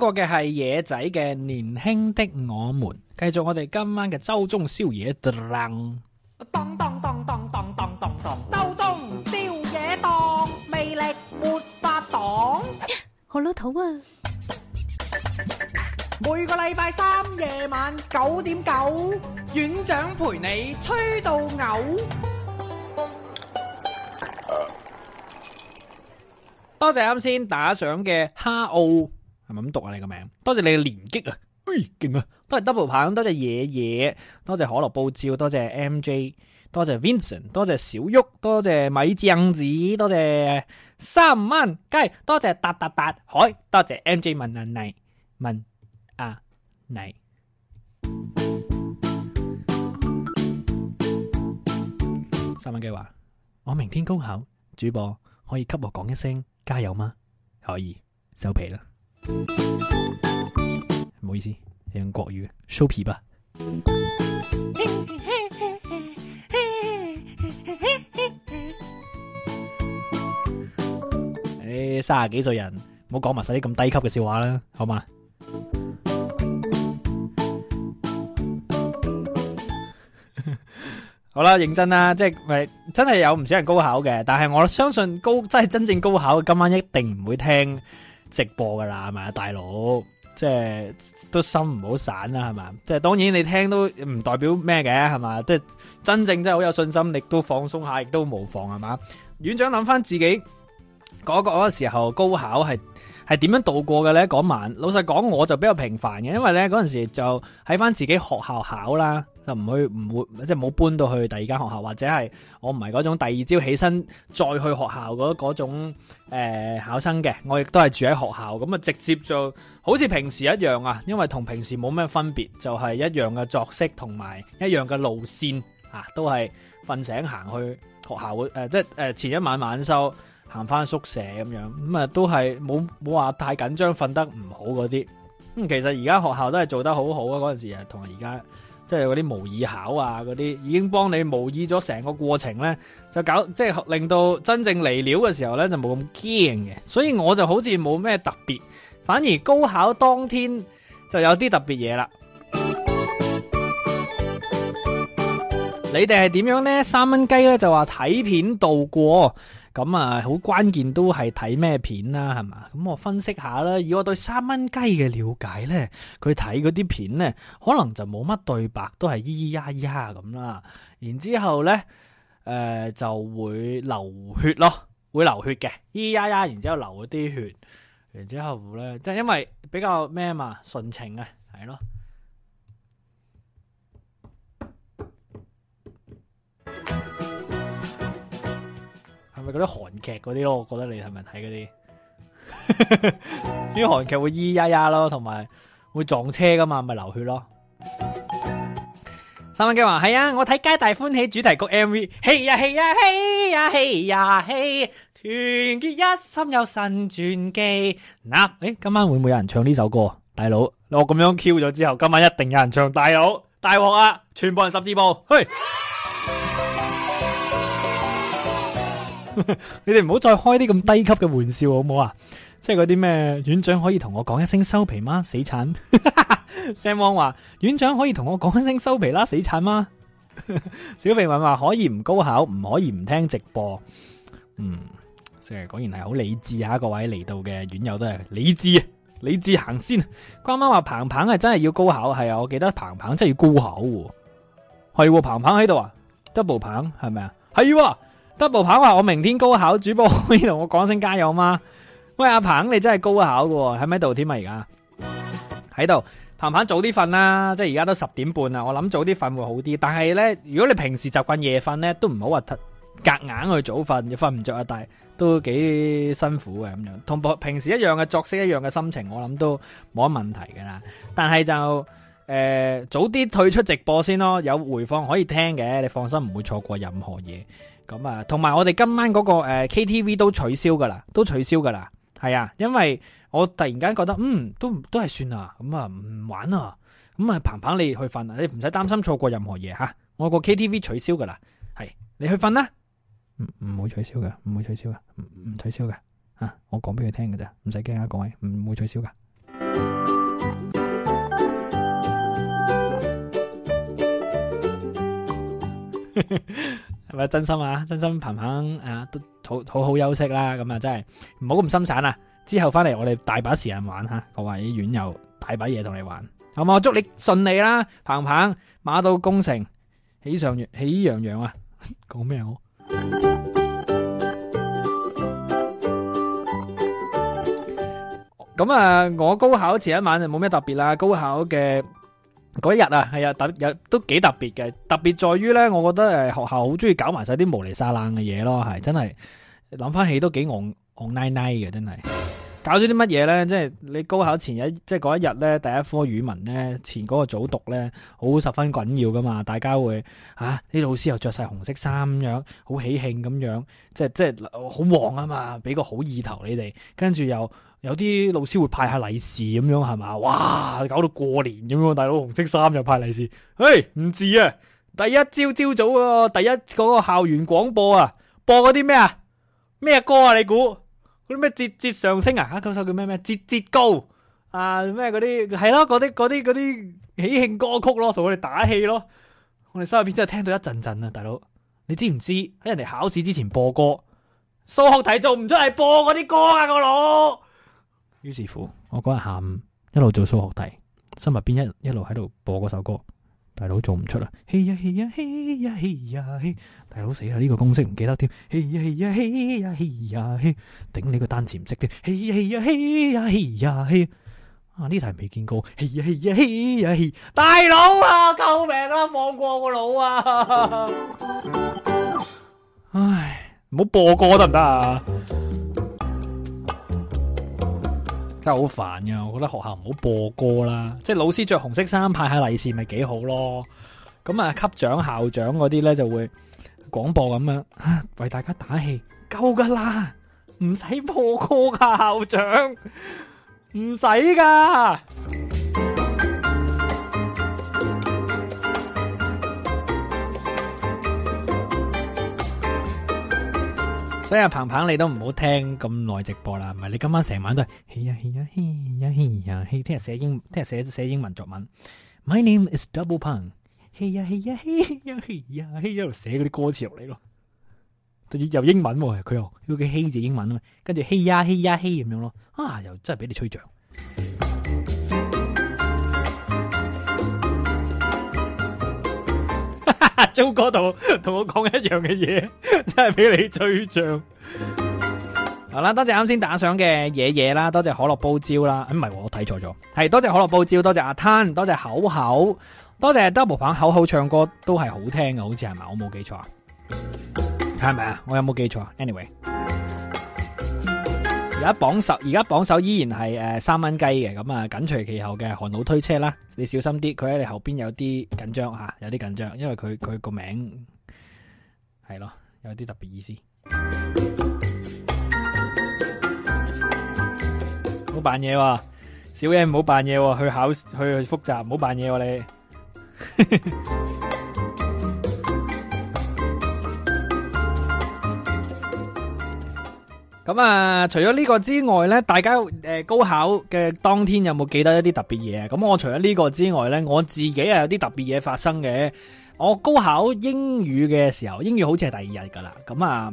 個嘅係野仔嘅年輕的我們，繼續我哋今晚嘅周中宵夜檔。咚咚咚咚咚咚咚咚，周中宵夜檔，魅力沒法擋。好老土啊！每個禮拜三夜晚九點九，院長陪你吹到嘔。多謝啱先打賞嘅哈奧。係咪咁讀啊？你個名多謝你嘅連擊啊，勁啊！多謝 double 棒，多謝爺爺，多謝可樂報照，多謝 M J，多謝 Vincent，多謝小旭，多謝米醬子，多謝三蚊雞，多謝達達達海，多謝 M J 問阿你問阿你三蚊雞話：我明天高考，主播可以給我講一聲加油嗎？可以收皮啦。唔好意思，用國語收皮吧。誒，三十幾歲人，唔好講埋晒啲咁低級嘅笑話啦，好嘛？好啦，認真啦，即係咪真係有唔少人高考嘅？但係我相信高真係真正高考，今晚一定唔會聽。直播噶啦，係嘛，大佬，即係都心唔好散啦，係嘛。即係當然你聽都唔代表咩嘅，係嘛。即係真正真係好有信心力，亦都放鬆下，亦都無妨，係嘛。院長諗翻自己嗰個嗰個時候高考係係點樣度過嘅咧？嗰晚老實講我就比較平凡嘅，因為咧嗰陣時就喺翻自己學校考啦。就唔去唔會，即係冇搬到去第二間學校，或者係我唔係嗰種第二朝起身再去學校嗰嗰種，呃、考生嘅，我亦都係住喺學校咁啊，就直接就好似平時一樣啊，因為同平時冇咩分別，就係、是、一樣嘅作息同埋一樣嘅路線啊，都係瞓醒行去學校，呃、即係前一晚晚修行翻宿舍咁樣，咁啊都係冇冇話太緊張，瞓得唔好嗰啲。咁、嗯、其實而家學校都係做得好好啊，嗰陣時啊同埋而家。即係嗰啲模擬考啊，嗰啲已經幫你模擬咗成個過程呢，就搞即係令到真正嚟料嘅時候呢，就冇咁驚嘅。所以我就好似冇咩特別，反而高考當天就有啲特別嘢啦。 [music] 你哋係點樣呢？三蚊雞呢，就話睇片度過。咁啊，好關鍵都係睇咩片啦，係嘛？咁我分析下啦。以我對三蚊雞嘅了解呢，佢睇嗰啲片呢，可能就冇乜對白，都係咿咿呀呀咁啦。然之後呢，誒、呃、就會流血咯，會流血嘅咿咿呀呀。然之後流嗰啲血，然之後呢，即係、就是、因為比較咩嘛，純情啊，係咯。係咪嗰啲韓劇嗰啲咯？我覺得你係咪睇嗰啲？啲韓劇會咿呀呀咯，同埋會撞車噶嘛，咪流血咯。三文雞話：係啊，我睇《皆大歡喜》主題曲 M V，嘿呀嘿呀嘿呀嘿呀嘿，團結一心有神轉機。嗱，誒、欸，今晚會唔會有人唱呢首歌？大佬，你我咁樣 Q 咗之後，今晚一定有人唱。大佬，大鑊啊！全部人十字步，去！ [laughs] 你哋唔好再開啲咁低級嘅玩笑好唔好啊？即係嗰啲咩院長可以同我講一聲收皮嗎？死慘 [laughs] ！Sam Wong 話院長可以同我講一聲收皮啦，死慘嗎？ [laughs] 小肥文話可以唔高考，唔可以唔聽直播。嗯，即係果然係好理智啊！各位嚟到嘅院友都係理智啊，理智行先。瓜啱話鵬鵬係真係要高考，係啊！我記得鵬鵬真係要高考喎。係，鵬鵬喺度啊，double 鵬係咪啊？係啊！double 彭，話我明天高考，主播可以同我講聲加油嗎？喂，阿彭你真係高考嘅喎，喺咪度添啊？而家喺度，彭彭早啲瞓啦，即係而家都十點半啦，我諗早啲瞓會好啲。但係呢，如果你平時習慣夜瞓呢，都唔好話突夾硬去早瞓，又瞓唔着啊，但係都幾辛苦嘅咁樣，同平平時一樣嘅作息，一樣嘅心情，我諗都冇乜問題噶啦。但係就誒早啲退出直播先咯，有回放可以聽嘅，你放心唔會錯過任何嘢。咁啊，同埋我哋今晚嗰個誒 KTV 都取消噶啦，都取消噶啦。係啊，因為我突然間覺得，嗯，都都係算啦，咁啊唔玩啦，咁、嗯、啊彭彭你去瞓，你唔使擔心錯過任何嘢吓。我個 KTV 取消噶啦，係你去瞓啦，唔唔會取消嘅，唔會取消嘅，唔唔取消嘅，啊，我講俾佢聽嘅咋，唔使驚啊，各位，唔會取消噶。 [music] 係咪真心啊？真心彭彭，啊，都好好好休息啦。咁、嗯、啊，真係唔好咁心散啊。之後翻嚟，我哋大把時間玩吓，各位院友，大把嘢同你玩，好嘛？我祝你順利啦，彭彭，馬到功成，喜上月，喜洋洋啊！講咩好？咁啊，我高考前一晚就冇咩特別啦，高考嘅。嗰一日啊，係啊，特有都幾特別嘅，特別在於咧，我覺得誒學校好中意搞埋晒啲無厘沙冷嘅嘢咯，係真係諗翻起都幾戇戇奶奶嘅，真係。 [noise] 搞咗啲乜嘢咧？即係你高考前一，即係嗰一日咧，第一科語文咧，前嗰個早讀咧，好十分緊要噶嘛，大家會啊，啲老師又着晒紅色衫咁樣，好喜慶咁樣，即係即係好旺啊嘛，俾個好意頭你哋，跟住又。有啲老師會派下利是咁樣係嘛？哇，搞到過年咁樣，大佬紅色衫又派利是。誒，唔知啊，第一朝朝早啊，第一嗰個校園廣播啊，播嗰啲咩啊？咩歌啊？你估嗰啲咩節節上升啊？啊，嗰首叫咩咩？節節高啊？咩嗰啲係咯？嗰啲嗰啲嗰啲喜慶歌曲咯，同我哋打氣咯。我哋心入邊真係聽到一陣陣啊，大佬，你知唔知喺人哋考試之前播歌？數學題做唔出係播嗰啲歌啊，個佬。於是乎，我嗰日下午一路做數學題，心入邊一一路喺度播嗰首歌，大佬做唔出啦。嘿呀嘿呀嘿呀嘿呀嘿，大佬死啦！呢個公式唔記得添。嘿呀嘿呀嘿呀嘿呀嘿，頂你個單詞唔識添。嘿呀嘿呀嘿呀嘿呀嘿，啊呢題未見過。嘿呀嘿呀嘿呀嘿，大佬啊，救命啊，放過我腦啊！唉，唔好播歌得唔得啊？真係好煩呀。我覺得學校唔好播歌啦，即係老師着紅色衫派下利是咪幾好咯。咁啊，級長、校長嗰啲呢，就會廣播咁樣、啊、為大家打氣，夠噶啦，唔使播歌噶，校長，唔使噶。所以阿彭彭你都唔好聽咁耐直播啦，唔係你今晚成晚都係，嘿呀嘿呀嘿呀嘿呀嘿，聽日寫英，聽日寫寫英文作文，My name is Double Peng，嘿呀嘿呀嘿呀嘿呀嘿，一路寫嗰啲歌詞落嚟咯，特別又英文，佢又叫佢嘿字英文啊嘛，跟住嘿呀嘿呀嘿咁樣咯，啊，啊又真係俾你吹漲。阿 jo 度同我講一樣嘅嘢，真係俾你吹脹。好啦，多謝啱先打賞嘅野野啦，多謝可樂煲蕉啦。誒、欸，唔係我睇錯咗，係多謝可樂煲蕉，多謝阿攤，多謝口口，多謝 double 棒口口唱歌都係好聽嘅，好似係咪？我冇記錯、啊，係咪啊？我有冇記錯、啊？Anyway。而家榜首，而家榜首依然係誒、呃、三蚊雞嘅，咁啊緊隨其後嘅韓佬推車啦。你小心啲，佢喺你後邊有啲緊張吓，有啲緊張，因為佢佢個名係咯，有啲特別意思。唔好扮嘢喎，小人唔好扮嘢喎，去考去複習唔好扮嘢喎你。 [laughs] 咁啊，除咗呢個之外呢，大家誒、呃，高考嘅當天有冇記得一啲特別嘢？咁我除咗呢個之外呢，我自己又有啲特別嘢發生嘅。我高考英語嘅時候，英語好似係第二日噶啦。咁啊，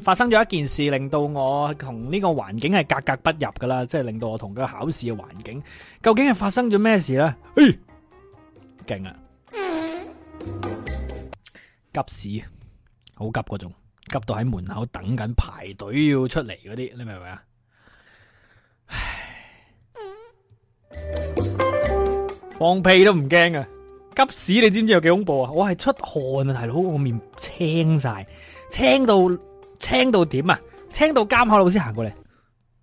發生咗一件事，令到我同呢個環境係格格不入噶啦，即係令到我同個考試嘅環境。究竟係發生咗咩事呢？嘿，勁啊！急屎，好急嗰種。急到喺門口等緊排隊要出嚟嗰啲，你明唔明啊？唉，放屁都唔驚啊，急屎你知唔知有幾恐怖啊？我係出汗啊，大佬，我面青晒，青到青到點啊？青到監考老師行過嚟，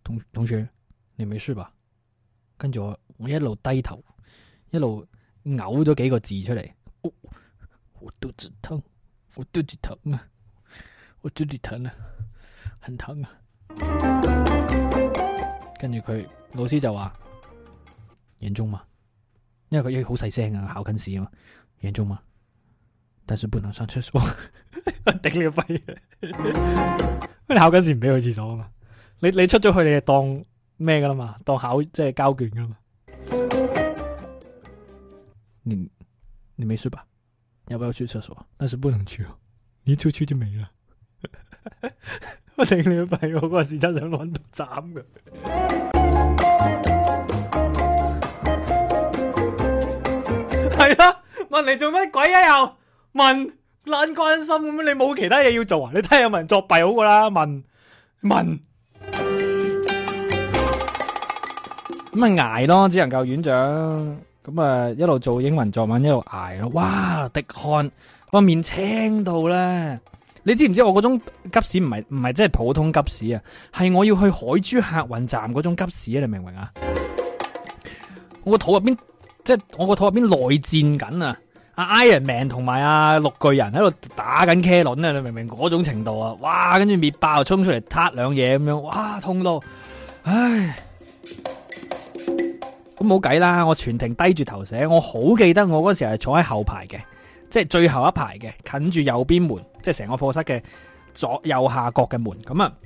同同學，你沒事吧，啊？跟住我，我一路低頭，一路嘔咗幾個字出嚟，哦，我肚子痛，我肚子痛啊！我嘴裏疼啊，很疼啊。跟住佢老師就話：嚴重嗎？因為佢好細聲啊，考緊試啊嘛。嚴重嗎？但是不能上廁所。頂你個肺！因為你考緊試唔俾去廁所啊嘛。你你出咗去，你就當咩噶啦嘛？當考即係交卷噶嘛？你你沒事吧？要不要去廁所？但是不能去哦，你一出去就沒了。我頂你個肺！我嗰時真想搵刀斬噶。係咯，問你做乜鬼啊？又問，懶關心咁樣，你冇其他嘢要做啊？你睇下有冇人作弊好噶啦，問問咁咪挨咯，只能夠院長咁啊，一路做英文作文一路挨咯。哇，滴汗個面青到啦～你知唔知我嗰種急事唔係唔係真係普通急事啊？係我要去海珠客運站嗰種急事啊！你明唔明啊？我個肚入邊即係我個肚入邊內戰緊啊！阿 Iron Man 同埋阿綠巨人喺度打緊茄輪啊。你明唔明嗰種程度啊？哇！跟住滅霸衝出嚟，撻兩嘢咁樣，哇痛到唉！咁冇計啦，我全程低住頭寫，我好記得我嗰時係坐喺後排嘅，即係最後一排嘅，近住右邊門。即係成個課室嘅左、右、下角嘅門咁啊，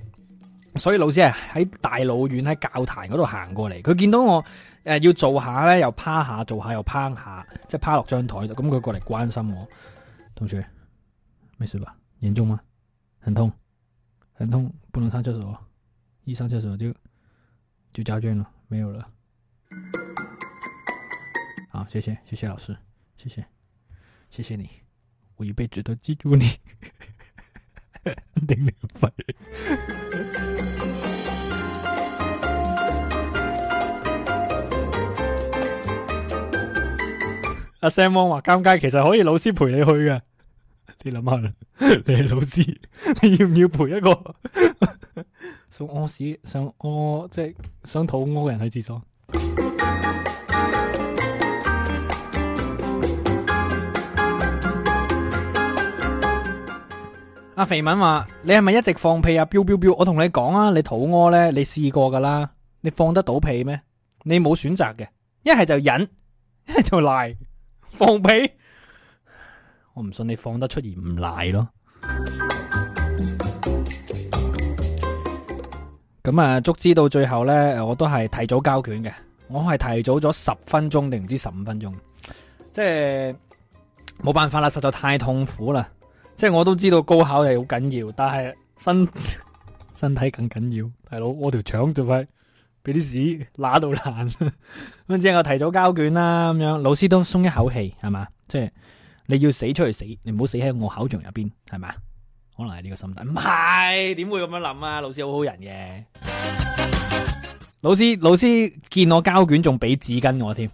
所以老師啊喺大老遠喺教壇嗰度行過嚟，佢見到我誒要做下咧，又趴下做下，又趴，下，做下，又趴下，即係趴落張台度，咁佢過嚟關心我，同學，冇事吧？嚴重嗎？很痛，很痛，不能上廁所，一上廁所就就交卷了，沒有了。好，謝謝，謝謝老師，謝謝，謝謝你。我一輩子都記住你，你個肺。阿 [laughs] Sam 汪話尷尬，其實可以老師陪你去嘅。你諗下你係老師，你要唔要陪一個？想屙屎，想屙，即係想肚屙嘅人去廁所。 [laughs] 阿肥敏話：你係咪一直放屁啊？飆飆飆，我同你講啊，你肚屙呢？你試過噶啦，你放得到屁咩？你冇選擇嘅，一係就忍，一係就賴，放屁！我唔信你放得出而唔賴咯。咁啊、嗯、足之、嗯、到最後呢，我都係提早交卷嘅，我係提早咗十分鐘定唔知十五分鐘，即係冇辦法啦，實在太痛苦啦。即係我都知道高考係好緊要，但係身身體更緊要。大佬我條腸做咩俾啲屎揦到爛？咁即係我提早交卷啦，咁樣老師都鬆一口氣係嘛？即係你要死出去死，你唔好死喺我考場入邊係嘛？可能係呢個心態，唔係點會咁樣諗啊？老師好好人嘅， [music] 老師老師見我交卷仲俾紙巾我添，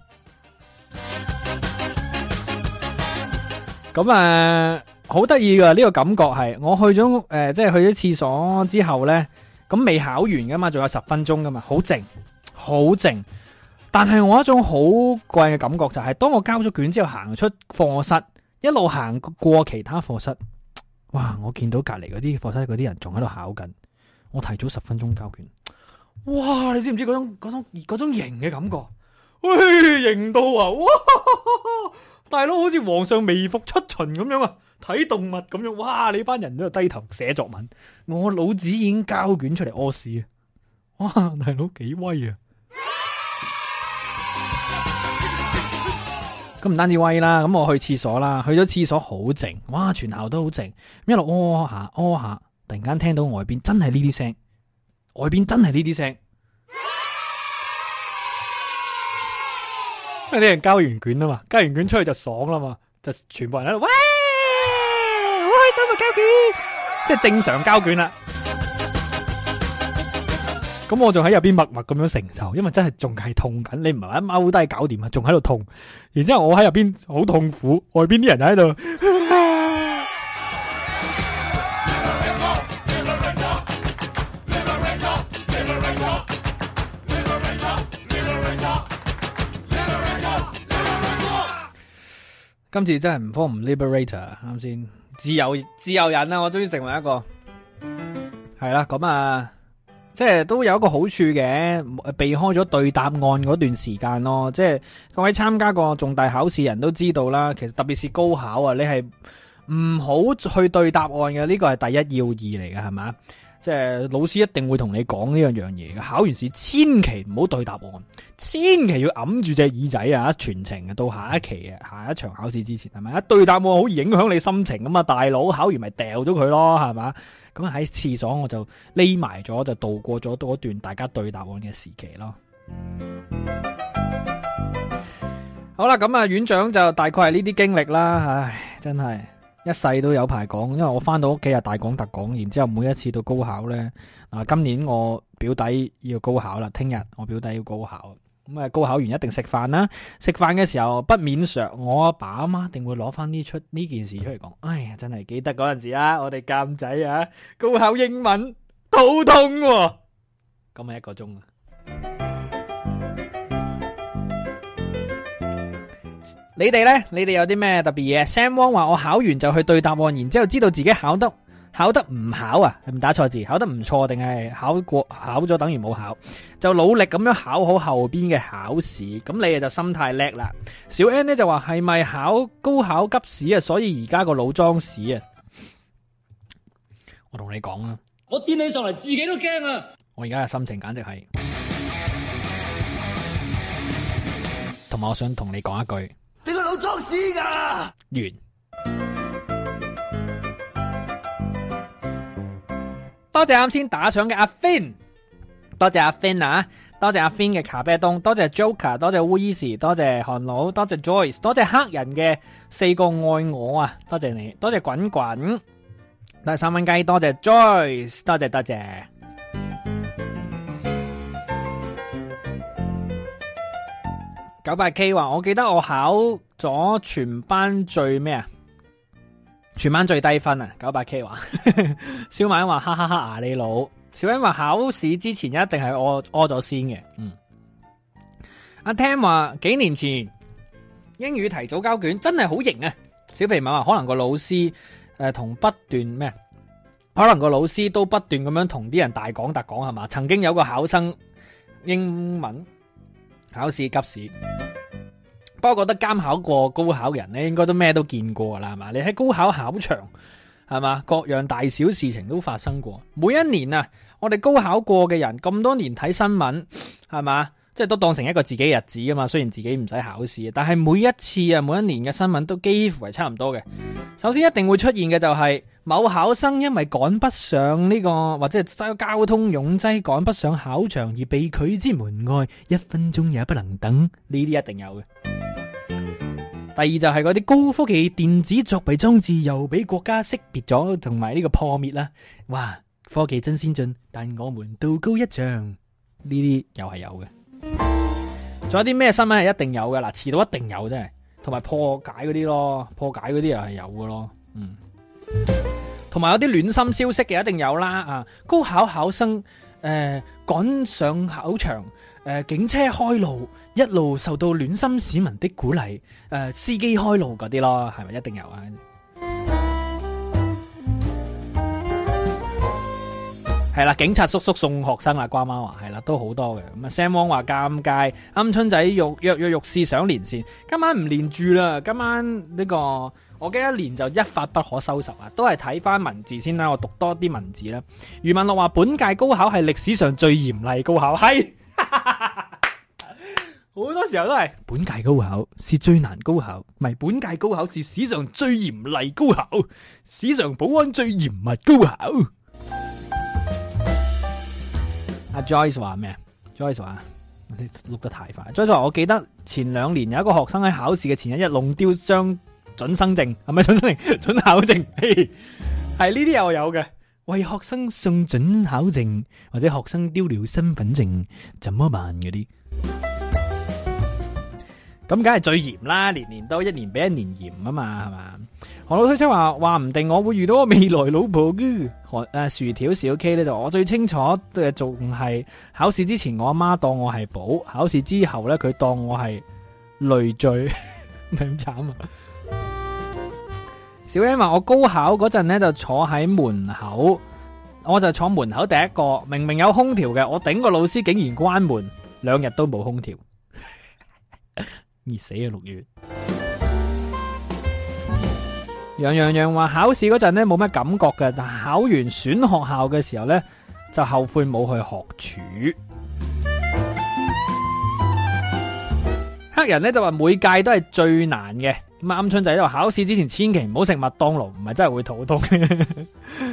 咁啊。好得意噶，呢個感覺係，我去咗誒、呃，即係去咗廁所之後呢，咁未考完噶嘛，仲有十分鐘噶嘛，好靜，好靜。但係我一種好怪嘅感覺就係、是，當我交咗卷之後行出課室，一路行過其他課室，哇！我見到隔籬嗰啲課室嗰啲人仲喺度考緊，我提早十分鐘交卷，哇！你知唔知嗰種嗰種嗰種型嘅感覺？喂，型到啊！哇，哈哈，大佬好似皇上微服出巡咁樣啊！睇動物咁樣，哇！你班人都喺度低頭寫作文，我老子已經交卷出嚟屙屎啊！哇，大佬幾威啊！咁唔單止威啦，咁我去廁所啦，去咗廁所好靜，哇！全校都好靜，一路屙下屙下，突然間聽到外邊真係呢啲聲，外邊真係呢啲聲，因為啲人交完卷啦嘛，交完卷出去就爽啦嘛，就全部人喺度喂。開手握交卷，即係正常交卷啦。咁我仲喺入邊默默咁樣承受，因為真係仲係痛緊。你唔係話踎低搞掂啊，仲喺度痛。然之後我喺入邊好痛苦，外邊啲人就喺度。今次真係唔慌唔 liberator 啱先。自由自由人啦，我終於成為一個係啦，咁啊，即係都有一個好處嘅，避開咗對答案嗰段時間咯。即係各位參加過重大考試人都知道啦，其實特別是高考啊，你係唔好去對答案嘅，呢個係第一要義嚟嘅，係嘛？即係老師一定會同你講呢樣樣嘢嘅，考完試千祈唔好對答案，千祈要揞住隻耳仔啊！全程到下一期嘅下一場考試之前，係咪啊？對答案好影響你心情㗎嘛。大佬考完咪掉咗佢咯，係嘛？咁喺廁所我就匿埋咗，就度過咗嗰段大家對答案嘅時期咯。好啦，咁啊，院長就大概係呢啲經歷啦，唉，真係。一世都有排講，因為我翻到屋企啊，大講特講，然之後每一次到高考呢，啊，今年我表弟要高考啦，聽日我表弟要高考，咁啊，高考完一定食飯啦，食飯嘅時候不免常我阿爸阿媽定會攞翻呢出呢件事出嚟講，哎呀，真係記得嗰陣時啊，我哋監仔啊，高考英文肚痛，啊，咁係一個鐘啊。你哋呢？你哋有啲咩特別嘢？Sam Wong 話我考完就去對答案，然之後知道自己考得考得唔考啊？係唔打錯字，考得唔錯定係考過考咗等於冇考，就努力咁樣考好後邊嘅考試。咁你啊就心態叻啦。小 N 呢就話係咪考高考急屎啊？所以而家個腦裝屎啊！我同你講啊，我掂起上嚟自己都驚啊！我而家嘅心情簡直係，同埋我想同你講一句。你個腦裝屎噶完！多謝啱先打賞嘅阿 Fin，多謝阿 Fin 啊，多謝阿 Fin 嘅卡比東，多謝 Joker，多謝 Weezy，多謝韓老，多謝 Joyce，多謝黑人嘅四個愛我啊！多謝你，多謝滾滾，第三蚊雞多謝 Joyce，多謝多謝。九百 K 話，我記得我考咗全班最咩啊？全班最低分啊！九百 K 話， [laughs] 小敏話哈哈哈、啊、牙你老，小敏話考試之前一定係屙屙咗先嘅。嗯，阿 Tam 話幾年前英語提早交卷真係好型啊！小肥文話可能個老師誒、呃、同不斷咩？可能個老師都不斷咁樣同啲人大講特講係嘛？曾經有個考生英文。考試急屎，不過覺得監考過高考人咧，應該都咩都見過啦，係嘛？你喺高考考場係嘛？各樣大小事情都發生過。每一年啊，我哋高考過嘅人咁多年睇新聞，係嘛？即係都當成一個自己日子啊嘛，雖然自己唔使考試，但係每一次啊，每一年嘅新聞都幾乎係差唔多嘅。首先一定會出現嘅就係、是、某考生因為趕不上呢個或者係交通擁擠趕不上考場而被拒之門外，一分鐘也不能等，呢啲一定有嘅。第二就係嗰啲高科技電子作弊裝置又俾國家識別咗同埋呢個破滅啦。哇，科技真先進，但我們道高一丈，呢啲又係有嘅。仲有啲咩新聞係一定有嘅？啦遲到一定有，真係，同埋破解嗰啲咯，破解嗰啲又係有嘅咯，嗯。同埋有啲暖心消息嘅，一定有啦。啊，高考考生誒趕、呃、上考場，誒、呃、警車開路，一路受到暖心市民的鼓勵，誒、呃、司機開路嗰啲咯，係咪一定有啊？係啦，警察叔叔送學生啦，瓜媽話係啦，都好多嘅。咁啊，Sam Wang 話尷尬，鵪鶉仔欲躍躍欲試想連線，今晚唔連住啦，今晚呢、這個我驚一連就一發不可收拾啊！都係睇翻文字先啦，我讀多啲文字啦。余文樂話本屆高考係歷史上最嚴厲高考，嘿，好 [laughs] 多時候都係本屆高考是最難高考，唔係本屆高考是史上最嚴厲高考，史上保安最嚴密高考。阿 Joyce 話咩？Joyce 話你錄得太快。Joyce 話我記得前兩年有一個學生喺考試嘅前一日弄丟張準生證，係咪準生證？準考證？係呢啲又有嘅，為學生送準考證或者學生丟了身份證，怎麼辦嗰啲？咁梗係最嚴啦，年年都一年比一年嚴啊嘛，係嘛？何老師即話，話唔定我會遇到個未來老婆嘅何、啊、薯條小 K 呢就我最清楚嘅，仲係考試之前我阿媽當我係寶，考試之後呢，佢當我係累贅，咪咁慘啊！小欣話我高考嗰陣呢就坐喺門口，我就坐門口第一個，明明有空調嘅，我頂個老師竟然關門，兩日都冇空調。熱死啊！六月，楊洋洋話考試嗰陣呢冇咩感覺嘅，但考完選學校嘅時候呢，就後悔冇去學廚。黑人呢就話每屆都係最難嘅，咁暗春仔喺度考試之前千祈唔好食麥當勞，唔係真係會肚痛的。呵呵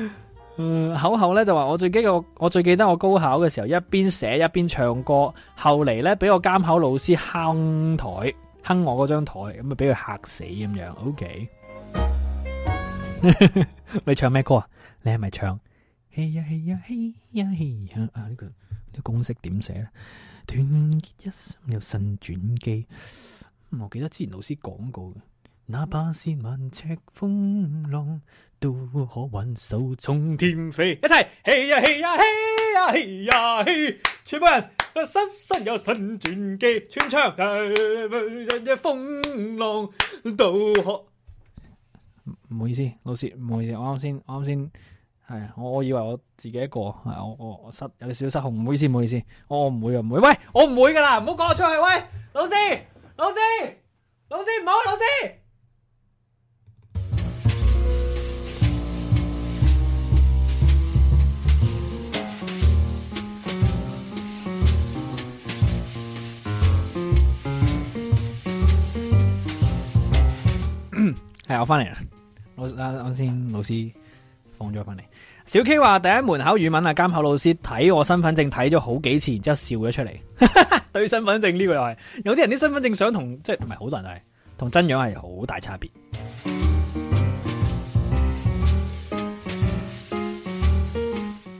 嗯，口口咧就話我最記我我最記得我高考嘅時候一邊寫一邊唱歌，後嚟咧俾我監考老師坑台，坑我嗰張台咁啊俾佢嚇死咁樣，OK。 [music] 你唱咩歌啊？你係咪唱？嘿呀嘿呀嘿呀嘿呀啊！呢、呢個啲、呢個、公式點寫咧？團結一心有新轉機。我記得之前老師講過，哪怕是萬尺風浪。都可挽手衝天飛，一齊嘿呀嘿呀嘿呀嘿呀嘿！全部人啊，失 [laughs] 身，身有神傳記，穿插啊，一 [laughs] 風浪都可。唔好意思，老師，唔好意思，我啱先我啱先係啊，我以為我自己一個，係我我我失有少少失控，唔好意思，唔好意思，我、哦、唔會啊，唔會，喂，我唔會噶啦，唔好講我出去，喂，老師，老師，老師唔好，老師。係我翻嚟啦，我我先老師放咗翻嚟。小 K 話第一門考語文啊，監考老師睇我身份證睇咗好幾次，然之後笑咗出嚟。 [laughs] 對身份證呢個又係，有啲人啲身份證相同，即係唔係好多人係同真樣係好大差別。 [music]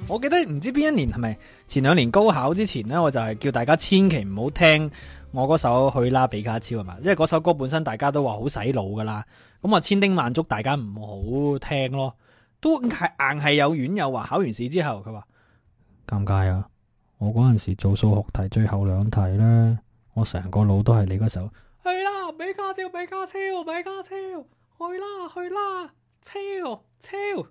我記得唔知邊一年係咪前兩年高考之前呢，我就係叫大家千祈唔好聽。我嗰首去啦比卡超係嘛？因為嗰首歌本身大家都話好洗腦噶啦，咁啊千叮萬囑大家唔好聽咯，都有有，都係硬係有院友話考完試之後佢話尷尬啊，我嗰陣時候做數學題最後兩題咧，我成個腦都係你嗰首去啦比卡超比卡超比卡超，去啦去啦超超，超，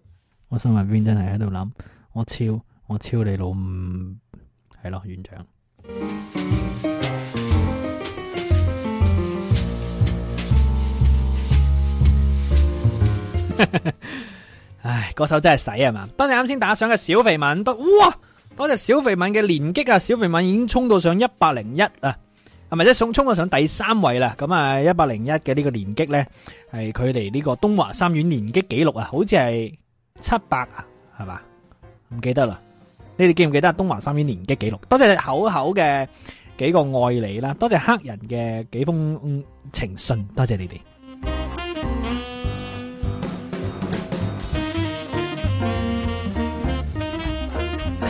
我心入邊真係喺度諗，我超我超你老唔係咯院長。 [laughs] 唉，嗰首真係使係嘛？多謝啱先打賞嘅小肥敏，哇！多謝小肥敏嘅連擊啊！小肥敏已經衝到上一百零一啊，係咪即係衝到上第三位啦？咁啊，一百零一嘅呢個連擊呢，係佢哋呢個東華三院連擊紀錄啊，好似係七百啊，係嘛？唔記得啦，你哋記唔記得東華三院連擊紀錄？多謝口口嘅幾個愛你啦，多謝黑人嘅幾封情信，多謝你哋。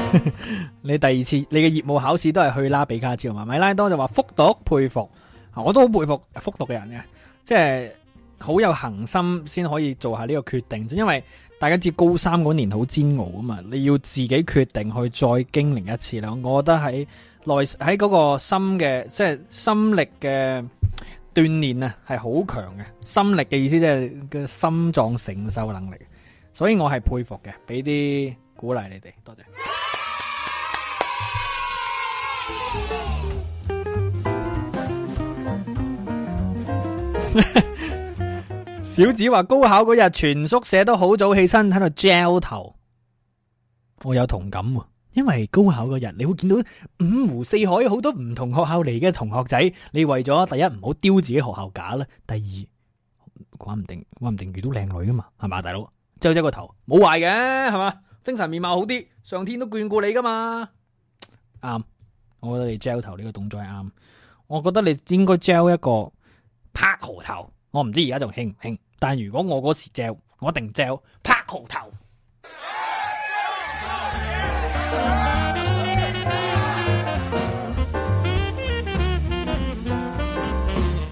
[laughs] 你第二次你嘅業務考試都係去拉比卡之嘛？米拉多就話復讀，佩服，我都好佩服復讀嘅人嘅，即係好有恒心先可以做下呢個決定，因為大家知道高三嗰年好煎熬啊嘛，你要自己決定去再經歷一次啦。我覺得喺內喺嗰個心嘅即係心力嘅鍛煉啊，係好強嘅心力嘅意思即係個心臟承受能力，所以我係佩服嘅，俾啲鼓勵你哋，多謝。 [laughs] 小子話高考嗰日，全宿舍都好早起身喺度焦頭。我有同感，啊，因為高考嗰日，你會見到五湖四海好多唔同學校嚟嘅同學仔。你為咗第一唔好丟自己學校架啦，第二話唔定話唔定遇到靚女啊嘛，係嘛，大佬？焦一焦個頭，冇壞嘅係嘛，精神面貌好啲，上天都眷顧你噶嘛，啱、嗯。我覺得你 g e 頭呢個動作係啱，我覺得你應該 g e 一個拍河頭。我唔知而家仲興唔興，但係如果我嗰時 gel，我一定 g e 拍河頭。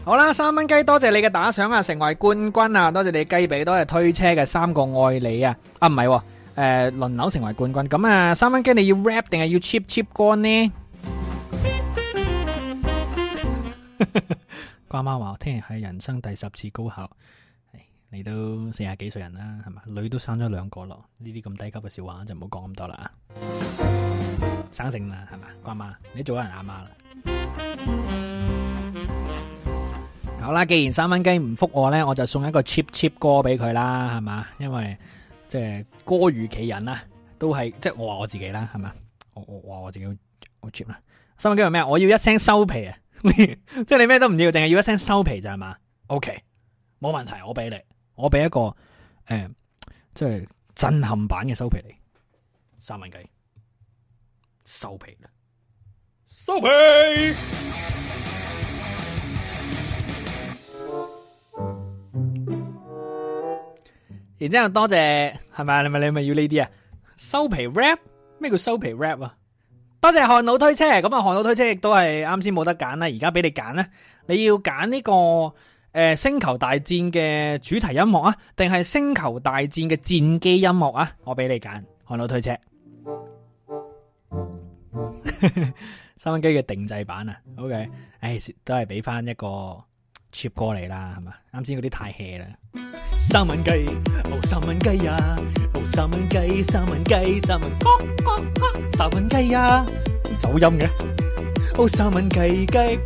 好啦，三蚊雞，多謝你嘅打賞啊，成為冠軍啊，多謝你雞髀，多謝推車嘅三個愛你啊。啊，唔係、啊，誒、呃，輪流成為冠軍咁啊。三蚊雞，你要 r a p 定係要 cheap cheap 歌呢？ [laughs] 瓜媽話我聽日係人生第十次高考，你都四廿幾歲人啦，係咪女都生咗兩個咯？呢啲咁低級嘅笑話就唔好講咁多啦。生性啦，係嘛瓜媽，你做人阿媽啦。好啦，既然三蚊雞唔覆我呢，我就送一個 cheap cheap 歌俾佢啦，係嘛，因為即係、即係、歌如其人啦，都係即係我話我自己啦，係咪？我我話我自己我 cheap 啦。三蚊雞要咩？我要一聲收皮啊！ [laughs] 即係你咩都唔要，淨係要一聲收皮就係嘛？OK，冇問題，我俾你，我俾一個誒、呃，即係震撼版嘅收皮你，三蚊雞收皮啦，收皮。 [music] 然之後多謝係咪？你咪你咪要呢啲啊？收皮 rap？咩叫收皮 rap 啊？多謝漢老推車，咁啊，漢老推車亦都係啱先冇得揀啦，而家俾你揀啦，你要揀呢、這個誒、呃、星球大戰嘅主題音樂啊，定係星球大戰嘅戰機音樂啊？我俾你揀，漢老推車，收音機嘅定制版啊，OK，誒都係俾翻一個。切過嚟啦，係嘛？啱先嗰啲太 hea 啦。三文雞，哦三文雞呀，哦三文雞，三文雞，三文，三文雞呀。走音嘅，哦三文雞雞。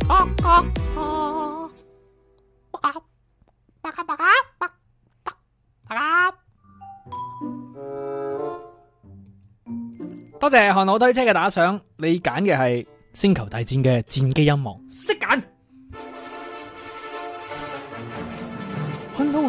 多謝韓老推車嘅打賞，你揀嘅係《星球大戰》嘅戰機音樂，識揀。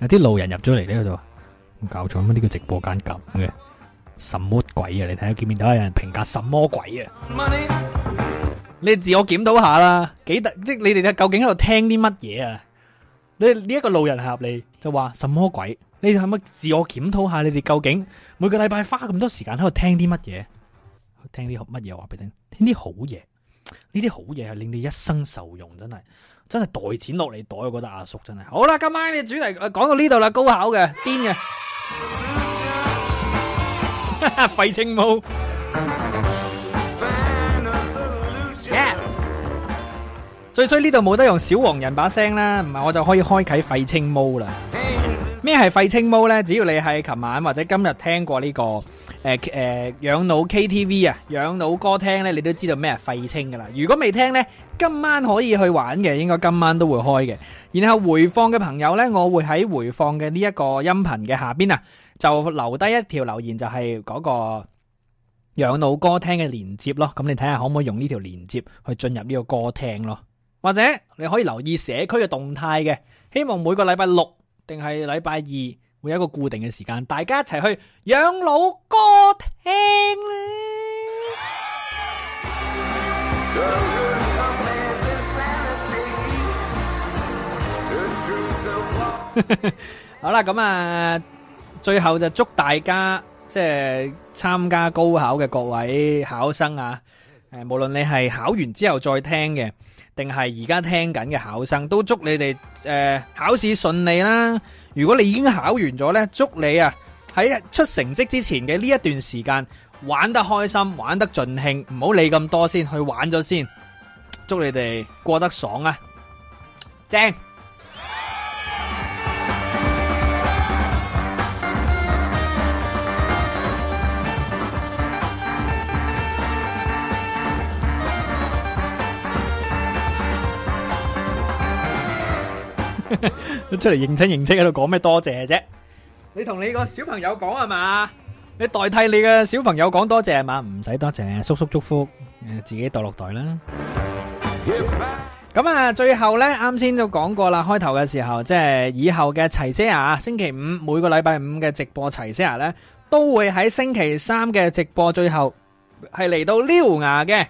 有啲路人入咗嚟呢度，搞錯乜？呢個直播間咁嘅，什麼鬼啊？你睇下見面到有人評價什麼鬼啊？你自我檢討下啦，幾得？即係你哋究竟喺度聽啲乜嘢啊？呢呢一個路人入嚟就話什麼鬼？你係咪自我檢討下？你哋究竟每個禮拜花咁多時間喺度聽啲乜嘢？聽啲乜嘢話俾你聽？聽啲好嘢，呢啲好嘢係令你一生受用，真係。真係袋錢落嚟袋，我覺得阿叔真係好啦。今晚嘅主題講、啊、到呢度啦，高考嘅癲嘅，廢青 mode，最衰呢度冇得用小黃人把聲啦，唔係我就可以開啟廢青 mode 啦。咩係廢青貓呢？只要你係琴晚或者今日聽過呢個誒誒養老 KTV 啊，養老歌廳呢，你都知道咩係廢青噶啦。如果未聽呢，今晚可以去玩嘅，應該今晚都會開嘅。然後回放嘅朋友呢，我會喺回放嘅呢一個音頻嘅下面啊，就留低一條留言，就係嗰個養老歌廳嘅連接咯。咁你睇下可唔可以用呢條連接去進入呢個歌廳咯，或者你可以留意社區嘅動態嘅，希望每個禮拜六。定係禮拜二會有一個固定嘅時間，大家一齊去養老歌聽。 [music] [music] 好啦，咁啊，最後就祝大家即係參加高考嘅各位考生啊！誒，無論你係考完之後再聽嘅，定係而家聽緊嘅考生，都祝你哋誒、呃、考試順利啦！如果你已經考完咗呢，祝你啊喺出成績之前嘅呢一段時間玩得開心，玩得盡興，唔好理咁多先，去玩咗先，祝你哋過得爽啊！正。出嚟認識認識喺度講咩多謝啫？你同你個小朋友講吖嘛？你代替你嘅小朋友講多謝吖嘛？唔使多謝，叔叔祝福，誒，自己墮落袋啦。咁啊，最後呢，啱先都講過啦，開頭嘅時候即係以後嘅齊姐啊，星期五每個禮拜五嘅直播齊姐啊呢，都會喺星期三嘅直播最後係嚟到撩牙嘅。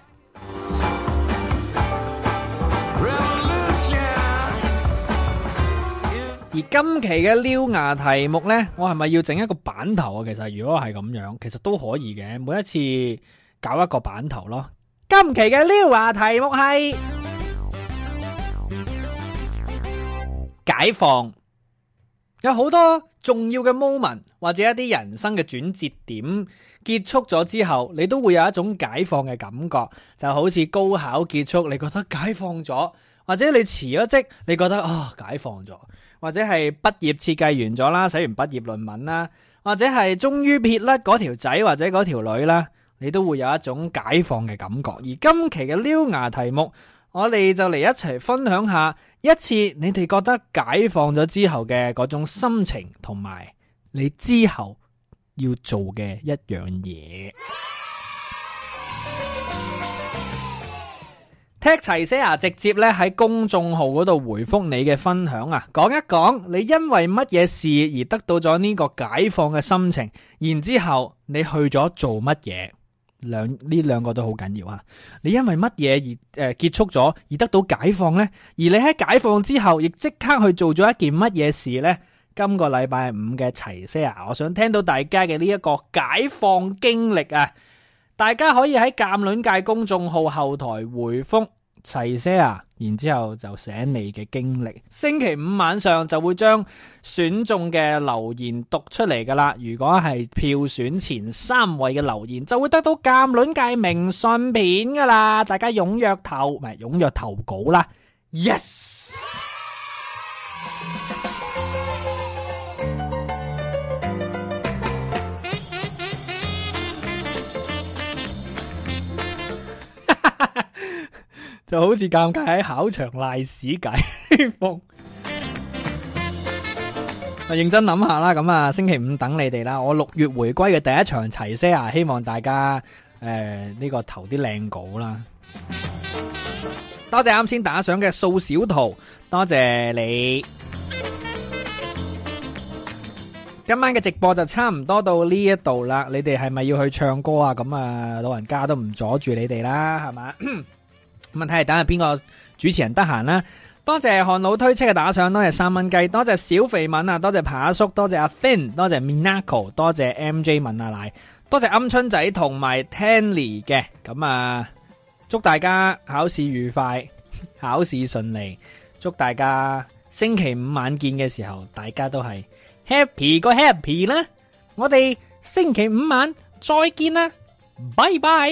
而今期嘅撩牙題目呢，我係咪要整一個版頭啊？其實如果係咁樣，其實都可以嘅。每一次搞一個版頭咯。今期嘅撩牙題目係解放。有好多重要嘅 moment 或者一啲人生嘅轉折點結束咗之後，你都會有一種解放嘅感覺。就好似高考結束，你覺得解放咗；或者你辭咗職，你覺得啊、哦，解放咗。或者係畢業設計完咗啦，寫完畢業論文啦，或者係終於撇甩嗰條仔或者嗰條女啦，你都會有一種解放嘅感覺。而今期嘅撩牙題目，我哋就嚟一齊分享下一次你哋覺得解放咗之後嘅嗰種心情，同埋你之後要做嘅一樣嘢。踢齊 Sir 直接咧喺公眾號嗰度回覆你嘅分享啊，講一講你因為乜嘢事而得到咗呢個解放嘅心情，然之後你去咗做乜嘢？兩呢兩個都好緊要啊！你因為乜嘢而誒結束咗而得到解放呢？而你喺解放之後亦即刻去做咗一件乜嘢事呢？今個禮拜五嘅齊 Sir，我想聽到大家嘅呢一個解放經歷啊！大家可以喺監卵界公眾號後台回覆齊些啊，然之後就寫你嘅經歷。星期五晚上就會將選中嘅留言讀出嚟噶啦。如果係票選前三位嘅留言，就會得到鑑卵界明信片噶啦。大家踊躍投，唔係踊躍投稿啦。Yes。Yeah! 就好似尷尬喺，考場賴屎解風，啊認真諗下啦，咁啊星期五等你哋啦，我六月回歸嘅第一場齊聲啊，希望大家誒呢、呃這個投啲靚稿啦， [music] 多謝啱先打賞嘅素小圖，多謝你， [music] 今晚嘅直播就差唔多到呢一度啦，你哋係咪要去唱歌啊？咁啊老人家都唔阻住你哋啦，係嘛？ [coughs] 咁睇下等下邊個主持人得閒啦？多謝韓老推車嘅打賞，多謝三蚊雞，多謝小肥敏啊，多謝扒叔，多謝阿 Fin，多謝 Minako，多謝 M J 問阿奶，多謝鵪鶉仔同埋 Tanny 嘅咁啊！祝大家考試愉快，考試順利，祝大家星期五晚見嘅時候，大家都係 happy 過 happy 啦！我哋星期五晚再見啦，拜拜。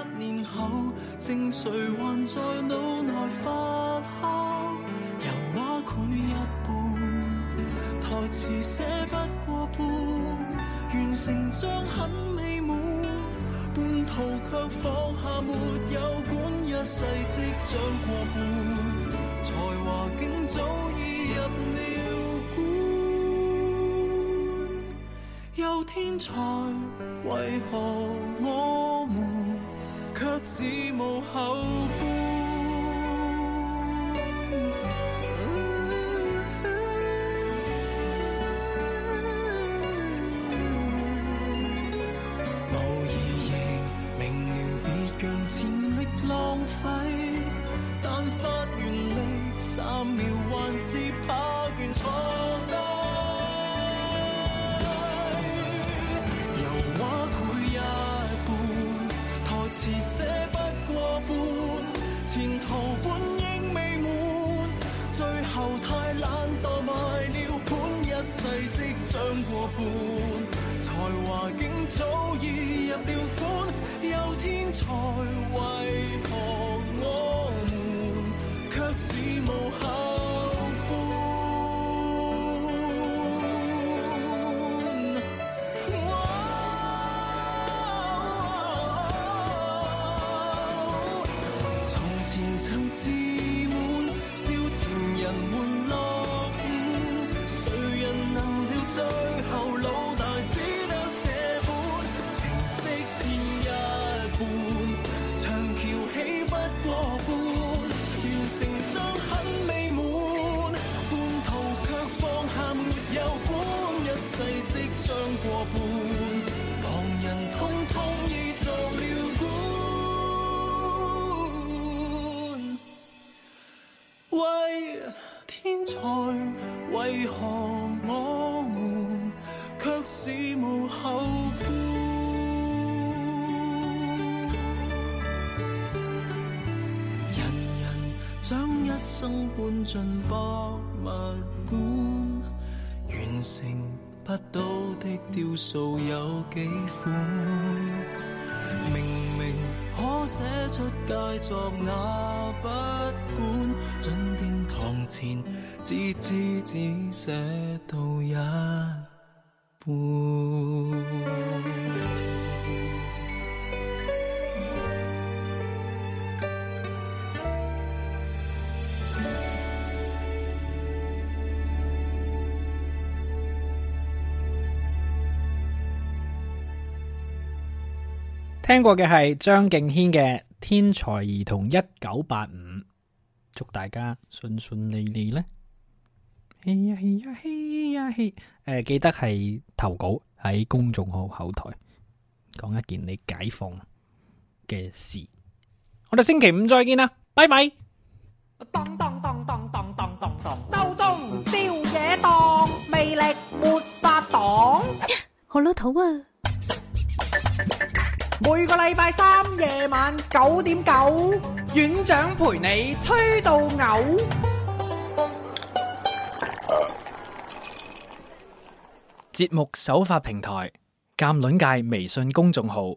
正誰還在腦內發酵？油畫繪一半，台詞寫不過半，完成章很美滿，半途卻放下，沒有管一世即將過半，才華竟早已入了棺。有天才，為何我？是無後悔曾經。生搬進博物館，完成不到的雕塑有幾款？明明可寫出佳作，那不管進天堂前，只知只寫到一半。聽過嘅係張敬軒嘅《天才兒童》，一九八五。祝大家順順利利咧。嘿呀嘿呀嘿呀嘿！誒，記得係投稿喺公眾號後台講一件你解放嘅事。我哋星期五再見啦，拜拜。咚咚咚咚咚咚咚咚，刀東宵夜檔，魅力沒法擋。我老土啊！每個禮拜三夜晚九點九，院長陪你吹到嘔。節目首發平台：鑒論界微信公眾號。